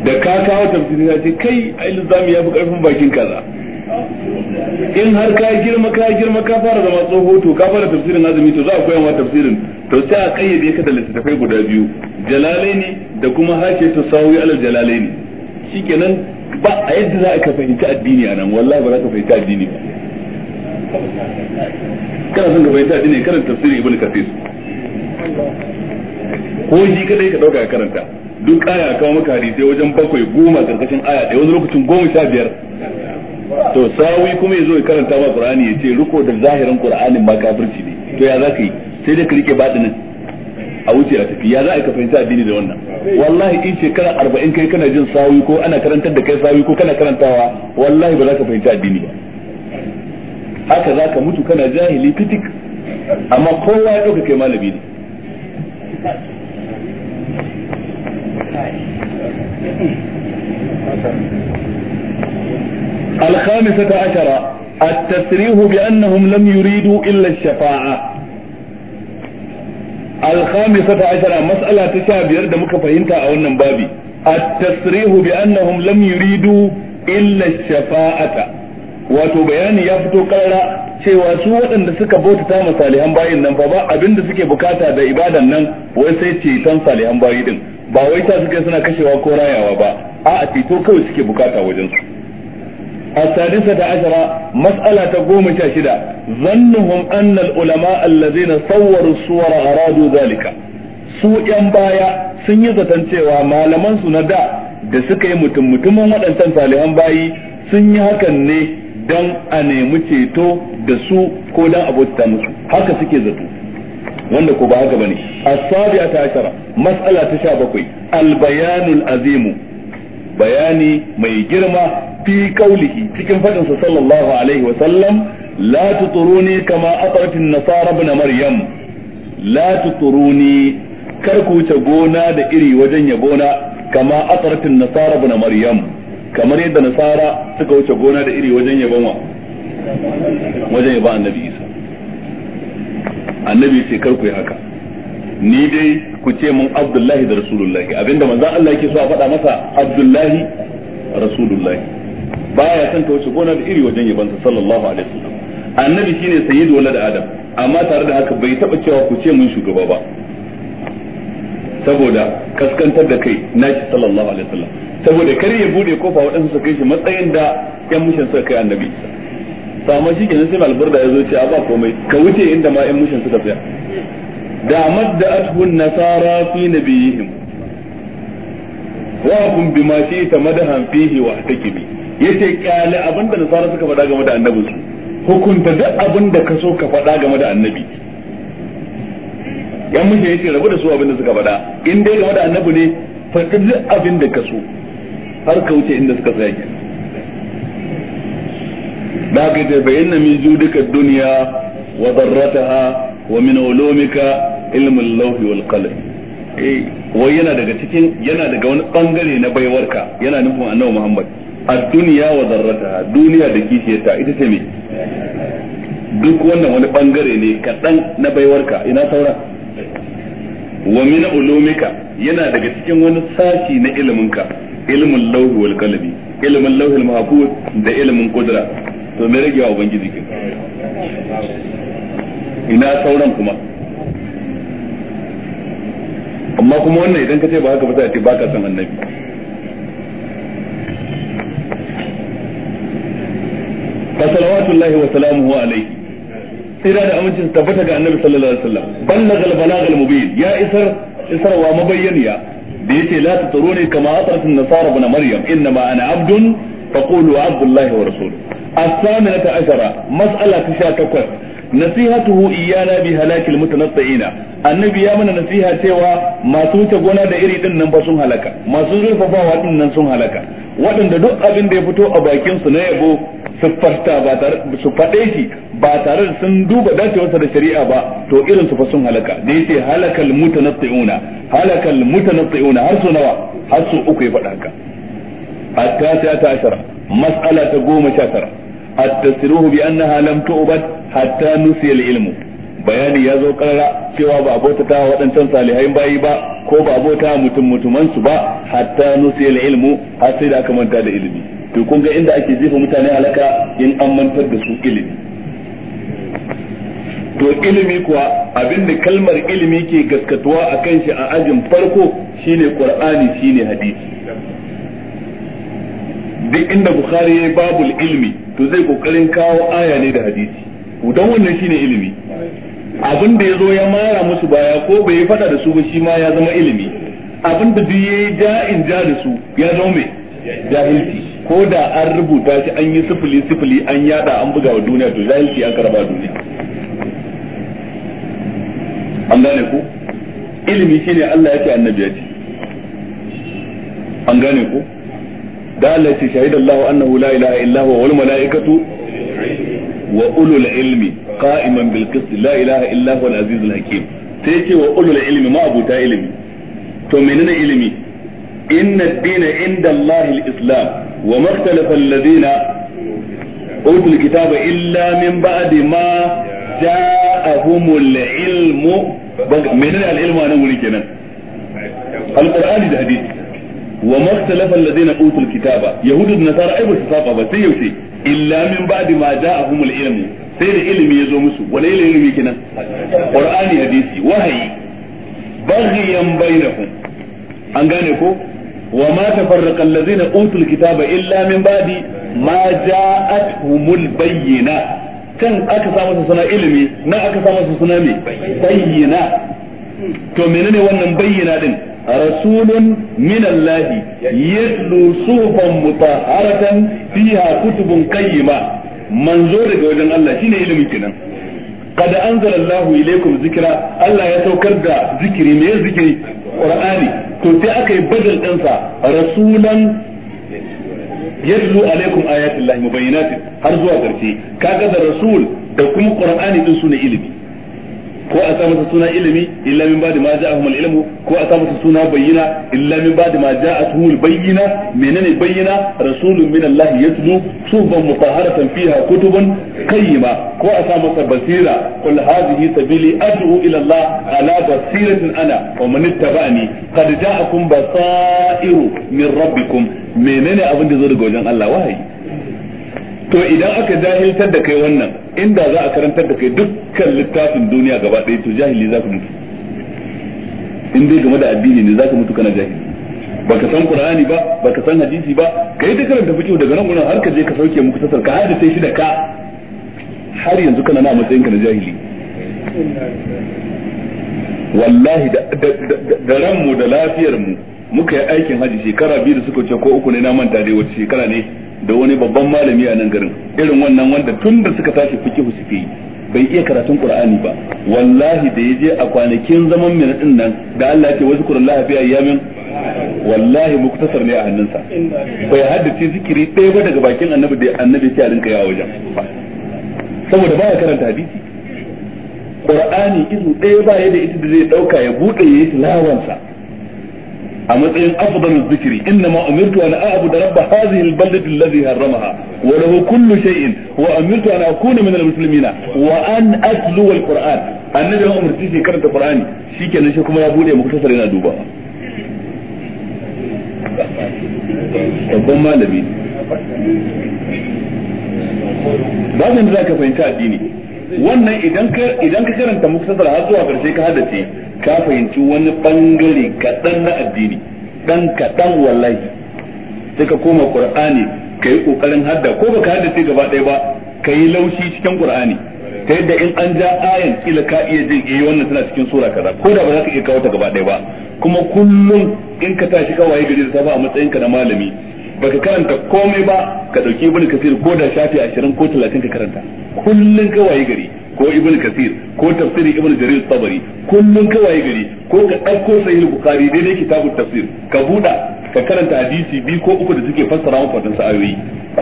da ka kawo tafsiri na ce kai ai lizami ya fi karfin bakin kaza in har ka girma ka girma ka fara zama tsoho to ka fara tafsirin azumi to za a koya wa tafsirin to sai a kayyade ka da littafai guda biyu jalalaini da kuma hashiyatu sawi alal jalalaini shikenan ba a yadda za ka fahimci addini a nan wallahi ba za ka fahimci addini ba kana son ka fahimci addini karanta tafsirin ibn kathir ko shi kadai ka dauka ka karanta duk aya kawo maka hadisi wajen bakwai goma karkashin aya da wani lokacin goma sha biyar to sawi kuma yazo ya karanta ma qur'ani ya ce riko da zahirin qur'anin ma kafirci ne to ya zaka yi sai da ka rike badinin a wuce a tafi ya za a ka fahimci addini da wannan wallahi in shekara arba'in kai kana jin sawi ko ana karantar da kai sawi ko kana karantawa wallahi ba za ka fahimci addini ba haka za ka mutu kana jahili fitik amma kowa ya ɗauka kai malami ne الخامسة عشرة التسريح بأنهم لم يريدوا إلا الشفاعة الخامسة عشرة مسألة تشابه يرد مكفهنتا أو النبابي التسريح بأنهم لم يريدوا إلا الشفاعة wato bayani ya fito karara cewa su waɗanda suka bautata ma salihan bayin nan fa ba abinda suke bukata da ibadan nan wai sai ce ceton salihan bayi din ba wai ta suke suna kashewa ko rayawa ba a a ceto kawai suke bukata wajen su السادسة عشرة مسألة قوم شاشدة ظنهم أن العلماء الذين صوروا الصور أرادوا ذلك su ‘yan baya sun yi zaton cewa malamansu na da da suka yi mutum-mutumin waɗancan salihan bayi sun yi hakan ne don a nemi ceto da su ko don abota musu haka suke zato wanda ko ba haka bane as-sabi'ata ashara mas'ala ta sha bakwai bayanul azimu bayani mai girma fi kaulihi cikin fadin sa sallallahu alaihi wa sallam la tuturuni kama aqratin nasara ibn maryam la tuturuni kar ku wuce gona da iri wajen ya gona kama aqratin nasara ibn maryam kamar yadda nasara suka wuce gona da iri wajen ya wa wajen ya ba annabi isa annabi ce kar ku yi haka ni dai ku ce mun abdullahi da rasulullahi abinda manzon Allah yake so a faɗa masa abdullahi rasulullahi baya son ta wuce gona da iri wajen yabansa sallallahu alaihi wasallam annabi shine sayyidu walad adam amma tare da haka bai taba cewa ku ce mun shugaba ba saboda kaskantar da kai naki sallallahu alaihi wasallam saboda kar ya bude kofa waɗansu su kai shi matsayin da yan mushin suka kai annabi to amma shi kenan sai malburda ya zo ce a ba komai ka wuce inda ma yan mushin suka tsaya da madda an-nasara fi nabiyihim wa hum bima shi ta madahan fihi wa ahtakibi yace kyale abinda nasara suka faɗa game da su, hukunta duk abinda ka so ka faɗa game da annabi yan mushe yace rabu da su abinda suka faɗa in dai game da annabi ne faɗi duk abinda ka so har ka wuce inda suka tsaya da haka ce fa inna min duka duniya wa darrataha wa min ulumika ilmul lawhi wal qalam eh wai yana daga cikin yana daga wani bangare na baiwarka yana nufin annabi Muhammad ad-dunya wa zarrataha duniya da kishiyarta ita ce me duk wannan wani bangare ne kaɗan na baiwarka ina saura wa min ulumika yana daga cikin wani sashi na iliminka ilmin lauhi wal qalbi ilmin lauhil mahfuz da ilmin qudra to me rage wa ubangiji kin ina sauran kuma amma kuma wannan idan ka ce ba haka ba sai ba ka san annabi fa salawatullahi wa salamuhu alayhi da amincin tabbata ga annabi sallallahu alaihi wasallam ballagha al al-mubin ya isar isarwa mabayyaniya da yace la tatruni kama atratun nasara ibn maryam inna ma ana abdun faqulu abdullahi wa rasuluhu الثامنة عشرة مسألة تشاء nasihatuhu iyana bi halakil mutanassina annabi ya mana nasiha cewa masu wuce gona da iri din nan ba sun halaka masu zurfafawa din nan sun halaka waɗanda duk abin da ya fito a bakin su na yabo su fasta ba tare su faɗe shi ba tare da sun duba dacewarsa da shari'a ba to irin su fa sun halaka da yace halakal mutanassiuna halakal mutanassiuna har su nawa har su uku ya faɗa haka hatta ta ta mas'ala ta goma sha tara attasiruhu bi annaha lam tu'bad hatta nusiya bayani ya zo karara cewa ba abota ta waɗancan salihai bayi ba ko ba abota mutum mutuman su ba hatta nusiya ilmu har sai da aka manta da ilimi to kun ga inda ake jefa mutane halaka in an mantar da su ilimi to ilimi kuwa abinda kalmar ilimi ke gaskatuwa a kan shi a ajin farko shine qur'ani shine hadisi duk inda bukhari ya babul ilmi to zai kokarin kawo aya ne da hadisi dan wannan shine ilimi abin da ya zo ya mara musu baya ko bai yi fada da su ba shi ma ya zama ilimi abin da duk yayi ja'in ja da su ya zama mai jahilci ko da an rubuta shi an yi sifili sifili an yada an buga wa duniya to jahilci an karaba duniya an gane ku ilimi shine Allah ya ce annabi ya ce an gane ku da Allah ce shahidallahu annahu la ilaha illa huwa wal malaikatu wa ulul ilmi qa'iman bil qist la ilaha illa huwa al aziz al hakim sai ce wa ulul ilmi ma abuta ilmi to menene ilmi inna ad-din inda Allah al islam wa ma ikhtalafa alladhina utul kitaba illa min ba'di ma ja'ahumul ilmu menene al ilmu anan wuri kenan al qur'ani da hadisi wa mastalafa alladhina utul kitaba yahudu da nasara ai ba su saba ba sai yaushe illa min ba'di ma ja'ahumul ilmu sai da ilimi ya zo musu wala ilimi kenan qur'ani hadisi wahayi baghiyan bainahum an gane ko wa ma tafarraqa alladhina utul kitaba illa min ba'di ma ja'atuhumul bayyina kan aka samu suna ilimi na aka samu suna me bayyina to menene wannan bayyina din رسول من الله يتلو صحفا مطهرة فيها كتب قيمة منظور وجن الله شنو علمي كنا قد أنزل الله إليكم ذكرا الله يتوكر دا ذكري ما ذكري قرآني كنت أكي بدل أنسى رسولا yatlu alaikum ayatullahi mubayyinatin har zuwa karshe kaga da rasul da kuma qur'ani din su ne ilimi ko a sa masa suna ilimi illa min ba'di ma ja'ahum al-ilmu ko a sa masa suna bayyina illa min ba'di ma ja'atuhum al-bayyina menene bayyina rasulun min Allah yatlu suban mutahharatan fiha kutubun qayyima ko a sa masa basira qul hadhihi sabili ad'u ila Allah ala basiratin ana wa man ittaba'ani qad ja'akum basairu min rabbikum menene abin da zo daga wajen Allah wahayi to idan aka jahiltar da kai wannan inda za a karantar da kai dukkan littafin duniya gaba ɗaya to jahili za ka mutu in dai game da addini ne za ka mutu kana jahili baka san qur'ani ba baka san hadisi ba kai da karanta fiqh daga nan gurin har ka je ka sauke muku tasar ka sai shi da ka har yanzu kana na matsayin ka na jahili wallahi da da mu da lafiyar mu muka yi aikin haji shekara biyu da suka wuce ko uku ne na manta dai wace shekara ne da wani babban malami a nan garin irin wannan wanda tun da suka tashi fiki su yi bai iya karatun qur'ani ba wallahi da yaje a kwanakin zaman mina din nan da Allah yake wasu kuran lahafi ayyamin wallahi muktasar ne a hannunsa bai haddace zikiri ɗaya ba daga bakin annabi da annabi ya rinka yawo wajen saboda baya karanta hadisi qur'ani izu ɗaya ba da ita da zai dauka ya bude yayi tilawansa a matsayin afdalul zikri inna ma umirtu an a'budu rabb hadhihi al-baldati alladhi harramaha wa lahu kullu shay'in wa umirtu an akuna min al-muslimina wa an atlu al-qur'an annabi ya umarci shi karanta qur'ani shikenan shi kuma ya bude muku tasar yana duba babban malami babin da zaka fahimci addini wannan idan ka idan ka karanta muktasar har zuwa karshe ka haddace ka fahimci wani bangare kaɗan na addini dan kaɗan wallahi sai ka koma qur'ani ka yi ƙoƙarin hadda ko baka sai gaba ɗaya ba ka yi laushi cikin qur'ani ta yadda in an ja ayan kila ka iya jin yi eh, wannan tana cikin sura kaza ko da ba za ka iya kawo ta gaba ɗaya ba kuma kullum in ka tashi kawai gari da safa a matsayin ka na malami baka karanta komai ba ka ɗauki ibnu kasir ko da shafi 20 ko 30 ka karanta kullum kawai gari ko ibn kasir ko tafsirin ibn jarir tabari kullun kawai gari ko ka dauko sahih bukhari daidai kitabut tafsir ka buda ka karanta hadisi bi ko uku da suke fassara maka wadansu ayoyi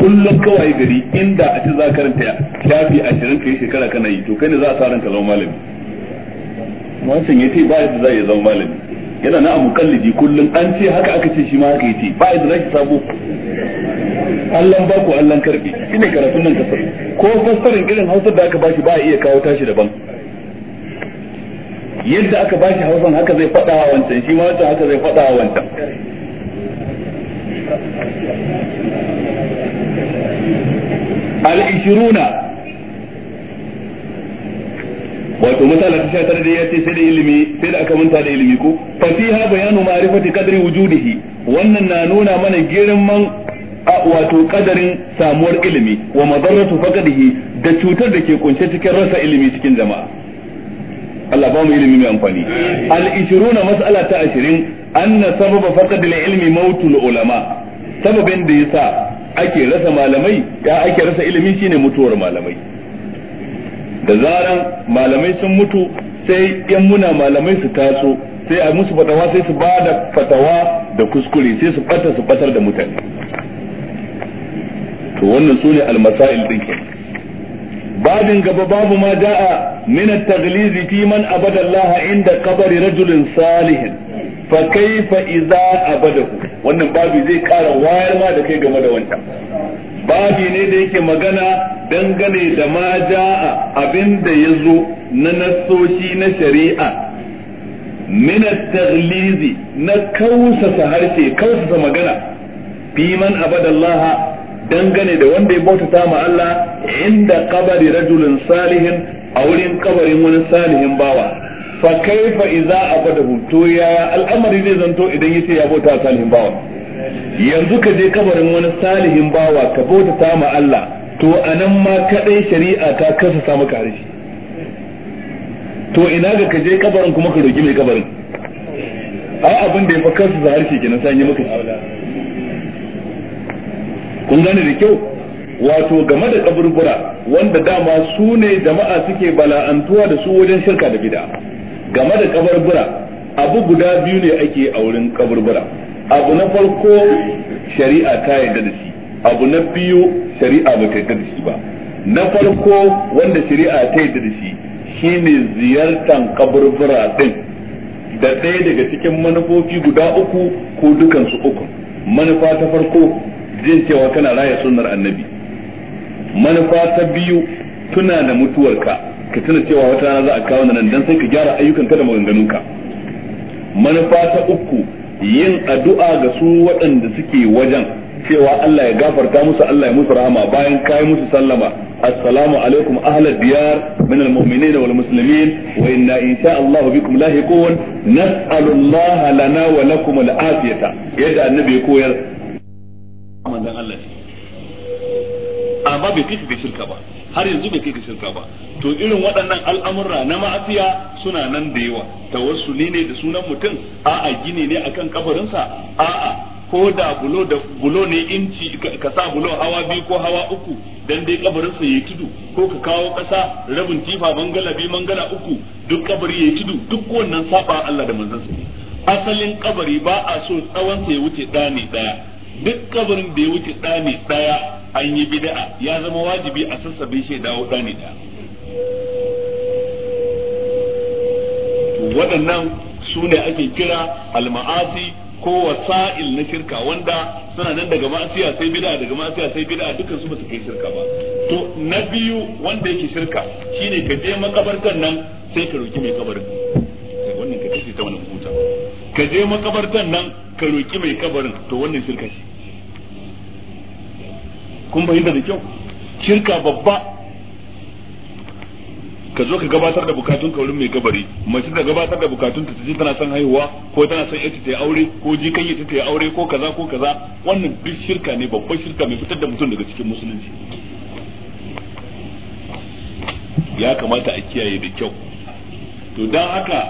kullun kawai gari inda a ci za karanta shafi 20 kai shekara kana yi to kai ne za a sa ranka zama malami wancan yace ba yadda za ya zama malami yana na abu kallidi kullun an ce haka aka ce shi ma haka yace ba yadda za ki sabo allan baku allan karbi shine karatun nan kasar ko fassarin irin hausar da aka bashi ba a iya kawo tashi daban yadda aka bashi hausan haka zai faɗa wa wancan shi ma wancan haka zai faɗa wa wancan al-ishiruna wato misala ta shatar da ya ce sai da ilimi sai da aka manta da ilimi ko fasiha bayanu ma'rifati qadri wujudihi wannan na nuna mana girman a wato kadarin samuwar ilimi wa madarratu faqadihi da cutar da ke kunshe cikin rasa ilimi cikin jama'a Allah ba mu ilimi mai amfani al-ishruna mas'ala ta 20 anna sababa faqadil ilmi mautul ulama sababin da yasa ake rasa malamai ya ake rasa ilimi shine mutuwar malamai da zaran malamai sun mutu sai yan muna malamai su taso sai a musu fatawa sai su ba da fatawa da kuskure sai su bata su batar da mutane to wannan sune al-masail din babin gaba babu ma da'a min at-taghlizi fi man abada Allah inda qabri rajulin salihin fa kaifa idza abadahu wannan babu zai kara wayar ma da kai game da wancan babi ne da yake magana dangane da ma ja'a abinda ya zo na nasoshi na shari'a min at-taghlizi na kausasa harshe kausasa magana fi man abada Allah dangane da wanda ya ta ma Allah inda qabari rajulin salihin a wurin kabarin wani salihin bawa fa kaifa idza abadahu to ya al'amari zai zanto idan yace ya bauta salihin bawa yanzu ka je kabarin wani salihin bawa ka ta ma Allah to anan ma kadai shari'a ta kasa samu maka shi. to ina ga ka je kabarin kuma ka roki mai kabarin ai abin da ya fa kasa harshe kenan sai an yi maka kun gane da kyau wato game da kaburbura wanda dama su ne jama'a suke bala'antuwa da su wajen shirka da bid'a game da kaburbura abu guda biyu ne ake a wurin kaburbura abu na farko shari'a ta yarda da shi abu na biyu shari'a ba ta yarda da shi ba na farko wanda shari'a ta yarda da shi shine ziyartan kaburbura din da ɗaya daga cikin manufofi guda uku ko dukansu uku manufa ta farko jin cewa kana raya sunnar annabi manufa ta biyu tuna da mutuwarka ka tuna cewa wata rana za a kawo nan dan sai ka gyara ayyukan ka da maganganunka manufa ta uku yin addu'a ga su waɗanda suke wajen cewa Allah ya gafarta musu Allah ya musu rahama bayan kai musu sallama assalamu alaikum ahlal diyar min da wal muslimin wa inna insha Allah bikum lahiqun nas'alullaha lana wa lakum al afiyata yadda annabi ya koyar manzon Allah amma bai kai shirka ba har yanzu bai kai shirka ba to irin waɗannan al'amurra na ma'afiya suna nan da yawa tawassuli ne da sunan mutum a'a gine ne akan kabarinsa a'a ko da bulo da bulo ne inci ka sa bulo hawa biyu ko hawa uku dan dai kabarin sa yayi tudu ko ka kawo kasa rabin tifa mangala biyu mangala uku duk kabari yayi tudu duk wannan saba Allah da manzon sa asalin kabari ba a so tsawon sa ya wuce ɗani ɗaya duk kabarin da ya wuce ɗani ɗaya an yi bida'a ya zama wajibi a sassabe shi dawo ɗani ɗaya waɗannan su ne ake kira alma'asi ko wasa'il na shirka wanda suna nan daga ma'asiya sai bid'a daga ma'asiya sai bid'a dukkan su ba su kai shirka ba to na biyu wanda yake shirka shine ka je makabartan nan sai ka roki mai kabarin wannan ka kashe ta wannan huta ka je makabartan nan ka roƙi mai kabarin to wannan shirka shi kun fahimta da kyau shirka babba ka zo ka gabatar da bukatun ka wurin mai kabari mace da gabatar da bukatun ta ce tana son haihuwa ko tana son yace ta yi aure ko jikan yace ta yi aure ko kaza ko kaza wannan duk shirka ne babban shirka mai fitar da mutum daga cikin musulunci ya kamata a kiyaye da kyau to dan haka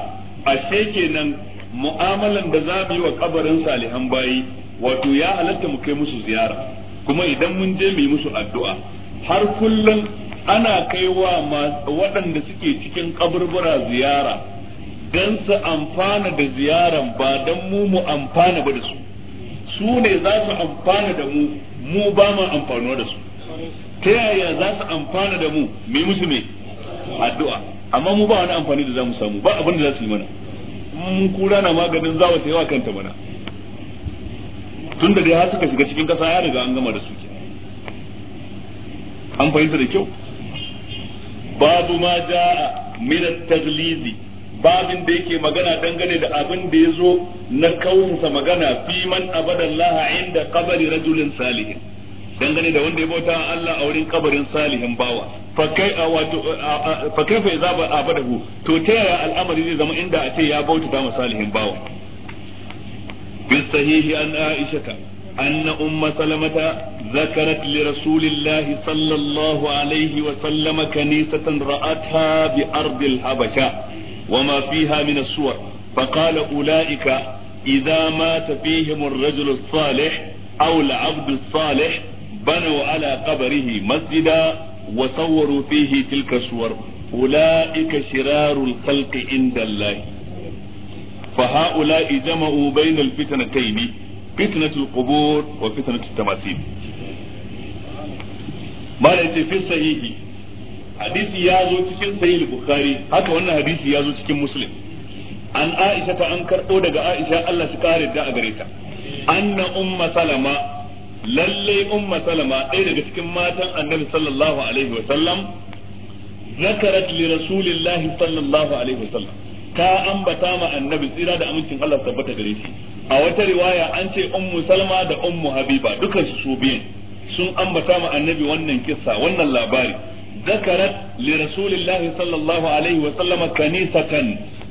ashe kenan mu'amalan da za mu yi wa kabarin salihan bayi wato ya halatta mu kai musu ziyara kuma idan mun je mu yi musu addu'a har kullum ana kaiwa waɗanda suke cikin kaburbura ziyara don su amfana da ziyaran ba don mu mu amfana ba da su su ne za su amfana da mu mu ba mu amfano da su ta yaya za su amfana da mu mu musu me addu'a amma mu ba wani amfani da za mu samu ba abin da za su yi mana mun kura na maganin zawo ta yawa kanta mana tun da dai suka shiga cikin kasa ya riga an gama da su ke an fahimta da kyau babu ma ja'a min at-taghlizi babin da yake magana dangane da abin da ya zo na kaunsa magana fi man Allah inda qabri rajulin salihin dangane da wanda ya bauta Allah a wurin kabarin salihin bawa fa kaifa idza abadahu to ta yaya al'amari zai zama inda a ce ya bauta ان عائشه أن أم سلمة ذكرت لرسول الله صلى الله عليه وسلم كنيسة رأتها بأرض الحبشة وما فيها من الصور فقال أولئك إذا مات فيهم الرجل الصالح أو العبد الصالح بنوا على قبره مسجدا wa sawwaru fihi tilka suwar ulaika shirarul khalqi inda Allah fa haula jama'u bainal fitnatayn fitnatul qubur wa fitnatut tamasil hadisi ya zo cikin sahih bukhari haka wannan hadisi ya zo cikin muslim an aisha ta an karbo daga aisha Allah shi kare a gareta. anna umma salama lallai umma salama ɗaya daga cikin matan annabi sallallahu alaihi wa sallam zakarat li rasulillahi sallallahu alaihi wa sallam ta ambata ma annabi tsira da amincin Allah tabbata gare shi a wata riwaya an ce ummu salma da ummu habiba dukan su su biyan sun ambata ma annabi wannan kissa wannan labari zakarat li rasulillahi sallallahu alaihi wa sallam kanisatan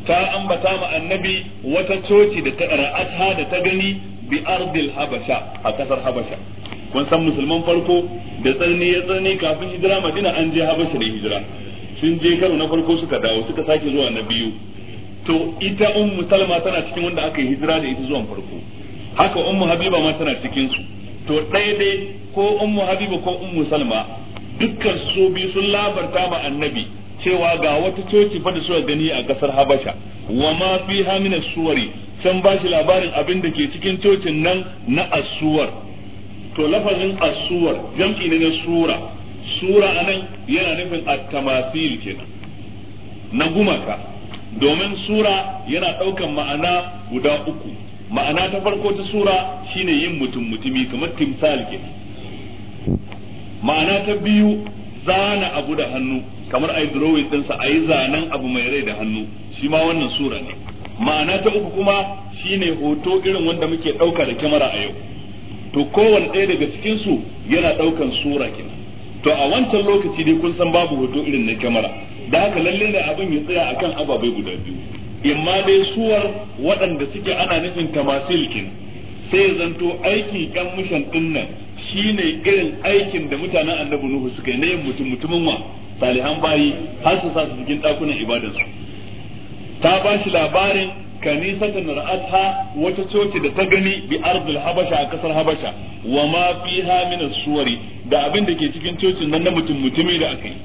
ta ambata ma annabi wata coci da ta ra'ata da ta gani bi ardil habasha a kasar habasha kun san musulman farko da tsarni ya tsarni kafin hijira madina an je habasha da hijira sun je karo na farko suka dawo suka sake zuwa na biyu to ita ummu salma tana cikin wanda aka yi hijira da ita zuwan farko haka ummu habiba ma tana cikin su to ɗaya dai ko ummu habiba ko ummu salma dukkan su biyu sun labarta ma annabi cewa ga wata coci fa da suka gani a kasar habasha wa ma fiha min suwari can ba shi labarin abin da ke cikin cocin nan na asuwar to lafazin asuwar jam'i ne na sura sura nan yana nufin at tamathil kenan na gumaka domin sura yana ɗaukan ma'ana guda uku ma'ana ta farko ta sura shine yin mutum mutumi kamar timsal kenan ma'ana ta biyu zana abu da hannu kamar ai drawing ɗinsa a yi zanen abu mai rai da hannu shi ma wannan sura ne ma'ana ta uku kuma shine hoto irin wanda muke ɗauka da kyamara a yau to kowane ɗaya daga cikinsu yana ɗaukan sura kina to a wancan lokaci dai kun san babu hoto irin na kyamara da haka lallai da abin ya tsaya akan ababai guda biyu imma dai suwar waɗanda suke ana nufin tamasil kin sai zanto aikin yan mushan ɗinnan shine irin aikin da mutanen annabi nuhu suka yi na yin mutum mutumin wa salihan bayi har su sa su cikin ɗakunan ibadarsu ta ba shi labarin ta ra'atha wata coci da ta gani bi ardul habasha a kasar habasha wa ma fiha min suwari da abin da ke cikin cocin nan na mutum mutumi da aka yi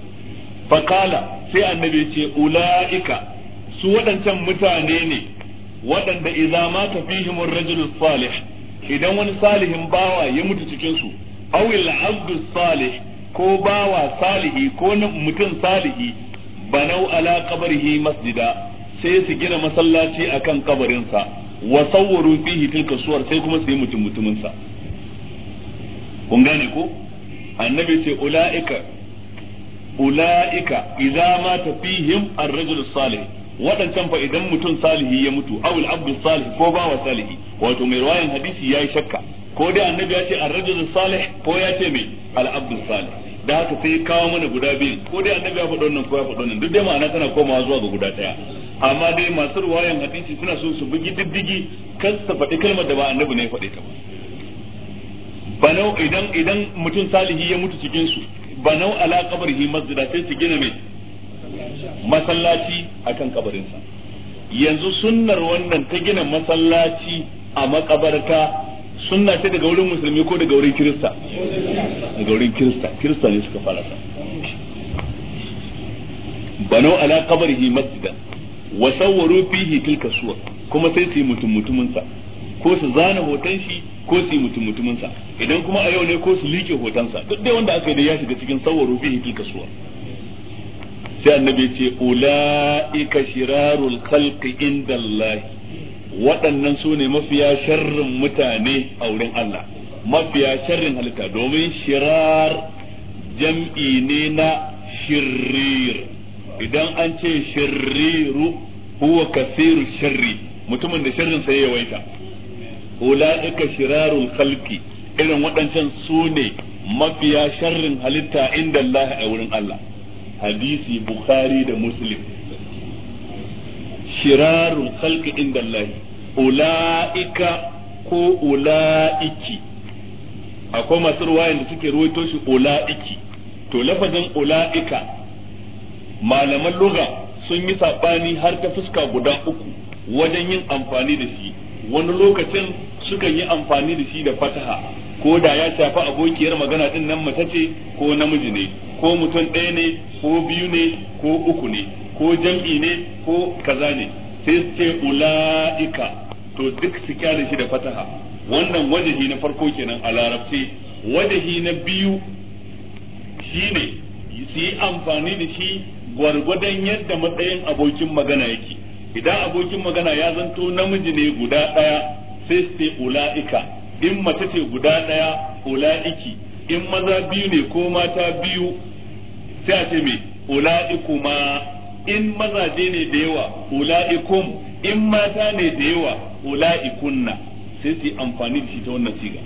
Fakala sai annabi ce ulaika su waɗancan mutane ne waɗanda idza mata fihim ar-rajulu salih idan wani salihin bawa ya mutu cikin su awil abdu salih ko bawa salihi ko mutum salihi banau ala qabrihi masjida sai su gina masallaci a kan kabarinsa wa sawwaru fihi tilka suwar sai kuma su yi mutum mutuminsa sa kun gane ko annabi ce ulaika ulaika idza mata fihim ar-rajul salih waɗancan fa idan mutum salihi ya mutu awul abdu salih ko bawa salihi wato mai ruwayan hadisi yayi shakka ko dai annabi ya ce ar-rajul salih ko ya ce mai al-abdu salih da haka sai kawo mana guda biyu ko dai annabi ya faɗo wannan ko ya faɗo wannan duk dai ma'ana tana komawa zuwa ga guda ɗaya amma dai masu ruwayan hadisi suna so su bugi diddigi kan su faɗi kalmar da ba annabi ne ya faɗe ta ba banau idan idan mutum salihi ya mutu cikin su banau ala qabrihi masjida sai su gina mai masallaci akan kabarinsa yanzu sunnar wannan ta gina masallaci a makabarta sunna ce daga wurin musulmi ko daga wurin kirista daga wurin kirista kirista ne suka fara ta banu ala qabrihi masjidan wa sawwaru fihi tilka suwar kuma sai su yi mutum mutumin sa ko su zana hoton shi ko su yi mutum mutumin sa idan kuma a yau ne ko su liƙe hoton sa duk dai wanda aka yi da ya shiga cikin sawwaru fihi tilka suwar sai annabi ce ulaika shirarul khalqi indallahi waɗannan su ne mafiya sharrin mutane a wurin Allah mafiya sharrin halitta domin shirar jam'i ne na shirrir idan an ce shirriru huwa kasiru shirri mutumin da sharrin sai ya yawaita ula'ika shirarul khalqi irin waɗancan su ne mafiya sharrin halitta inda Allah a wurin Allah hadisi bukhari da muslim shirarul khalqi inda Allah ula'ika ko ula'iki akwai masu ruwayan da suke ruwaito shi ula'iki to lafazin ula'ika malaman luga sun yi saɓani har ta fuska guda uku wajen yin amfani da shi wani lokacin sukan yi amfani da shi da fataha ko da ya shafi abokiyar magana din nan mace ce ko namiji ne ko mutum ɗaya ne ko biyu ne ko uku ne ko jam'i ne ko kaza ne sai ce ula'ika to duk su kyale shi da fataha wannan wajahi na farko kenan a larabci wajahi na biyu shine su yi amfani da shi gwargwadon yadda matsayin abokin magana yake idan abokin magana ya zanto namiji ne guda ɗaya sai su ula'ika in mace ce guda ɗaya ula'iki in maza biyu ne ko mata biyu sai a ce me ma in mazaje ne da yawa ula'ikum in mata ne da yawa ula'ikunna sai su yi amfani da shi ta wannan siga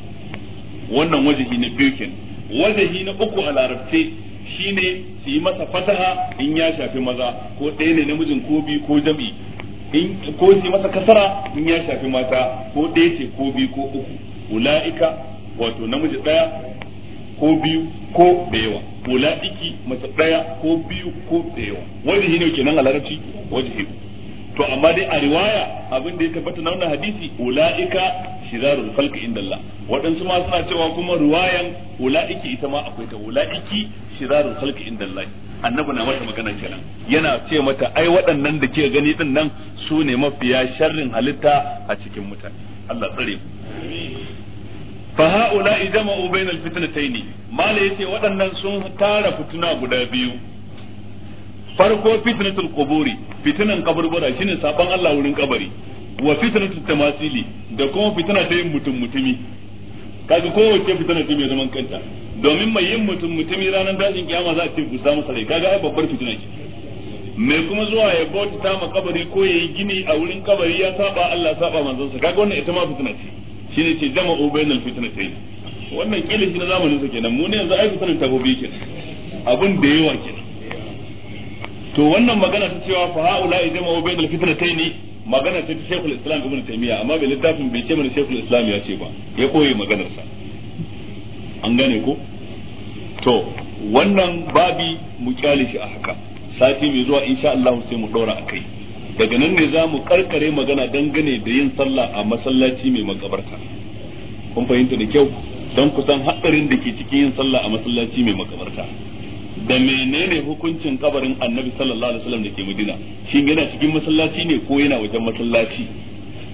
wannan wajahi na biyu kenan wajahi na uku a larabce shine su yi masa fataha in ya shafi maza ko ɗaya ne namijin ko biyu ko jami in ko su yi masa kasara in ya shafi mata ko ɗaya ce ko biyu ko uku ula'ika wato namiji ɗaya ko biyu ko da yawa iki mace daya ko biyu ko da yawa wajihi yake nan a larabci wajihi to amma dai a riwaya abin da ya tabbata na wannan hadisi ulaika shirarul inda indallah waɗansu ma suna cewa kuma riwayan ulaiki ita ma akwai ta ulaiki shirarul inda indallah annabi na mata magana kenan yana ce mata ai waɗannan da ke gani din nan su ne mafiya sharrin halitta a cikin mutane Allah tsare mu fa haula jama'u bainal fitnataini mala yace waɗannan sun tara fituna guda biyu farko fitnatul quburi fitinan kaburbura shine saban Allah wurin kabari wa fitnatul tamasili da kuma fitina ta yin mutum mutumi kaga kowace fitina ce mai zaman kanta domin mai yin mutum mutumi ranar dajin kiyama za a ce gusa masa rai kaga ai babbar fitina ce mai kuma zuwa ya bauta ma kabari ko yayi gini a wurin kabari ya saba Allah saba manzon sa kaga wannan ita ma fitina ce shine ce jama'u bainal fitnatayn wannan kila shi na zamanin su kenan mu ne yanzu ai fitnar ta gobe kenan abin da yawa kenan to wannan magana ta cewa fa haula jama'u bainal fitnatayn magana ce ta Sheikhul Islam Ibn Taymiyyah amma bai littafin bai ce mana Sheikhul Islam ya ce ba ya koyi maganar sa an gane ko to wannan babi mu kyale shi a haka sati mai zuwa insha Allah sai mu daura akai daga nan ne za mu karkare magana dangane da yin sallah a masallaci mai makabarta kun fahimta da kyau don kusan haɗarin da ke cikin yin sallah a masallaci mai makabarta da menene hukuncin kabarin annabi sallallahu alaihi wasallam da ke madina shi yana cikin masallaci ne ko yana wajen masallaci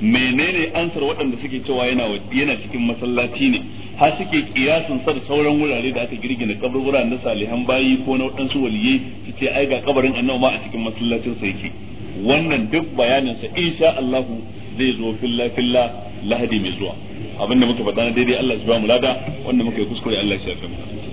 menene ansar waɗanda suke cewa yana yana cikin masallaci ne ha suke kiyasin sar sauran wurare da aka girgina kaburbura na salihan bayi ko na waɗansu waliyai su ce ai ga kabarin annabi ma a cikin masallacin sa yake wannan duk bayanin sa insha Allah zai zo filla filla lahadi mai zuwa abinda muka faɗa na daidai Allah ya ba mu lada wanda muka yi kuskure Allah ya shafe mu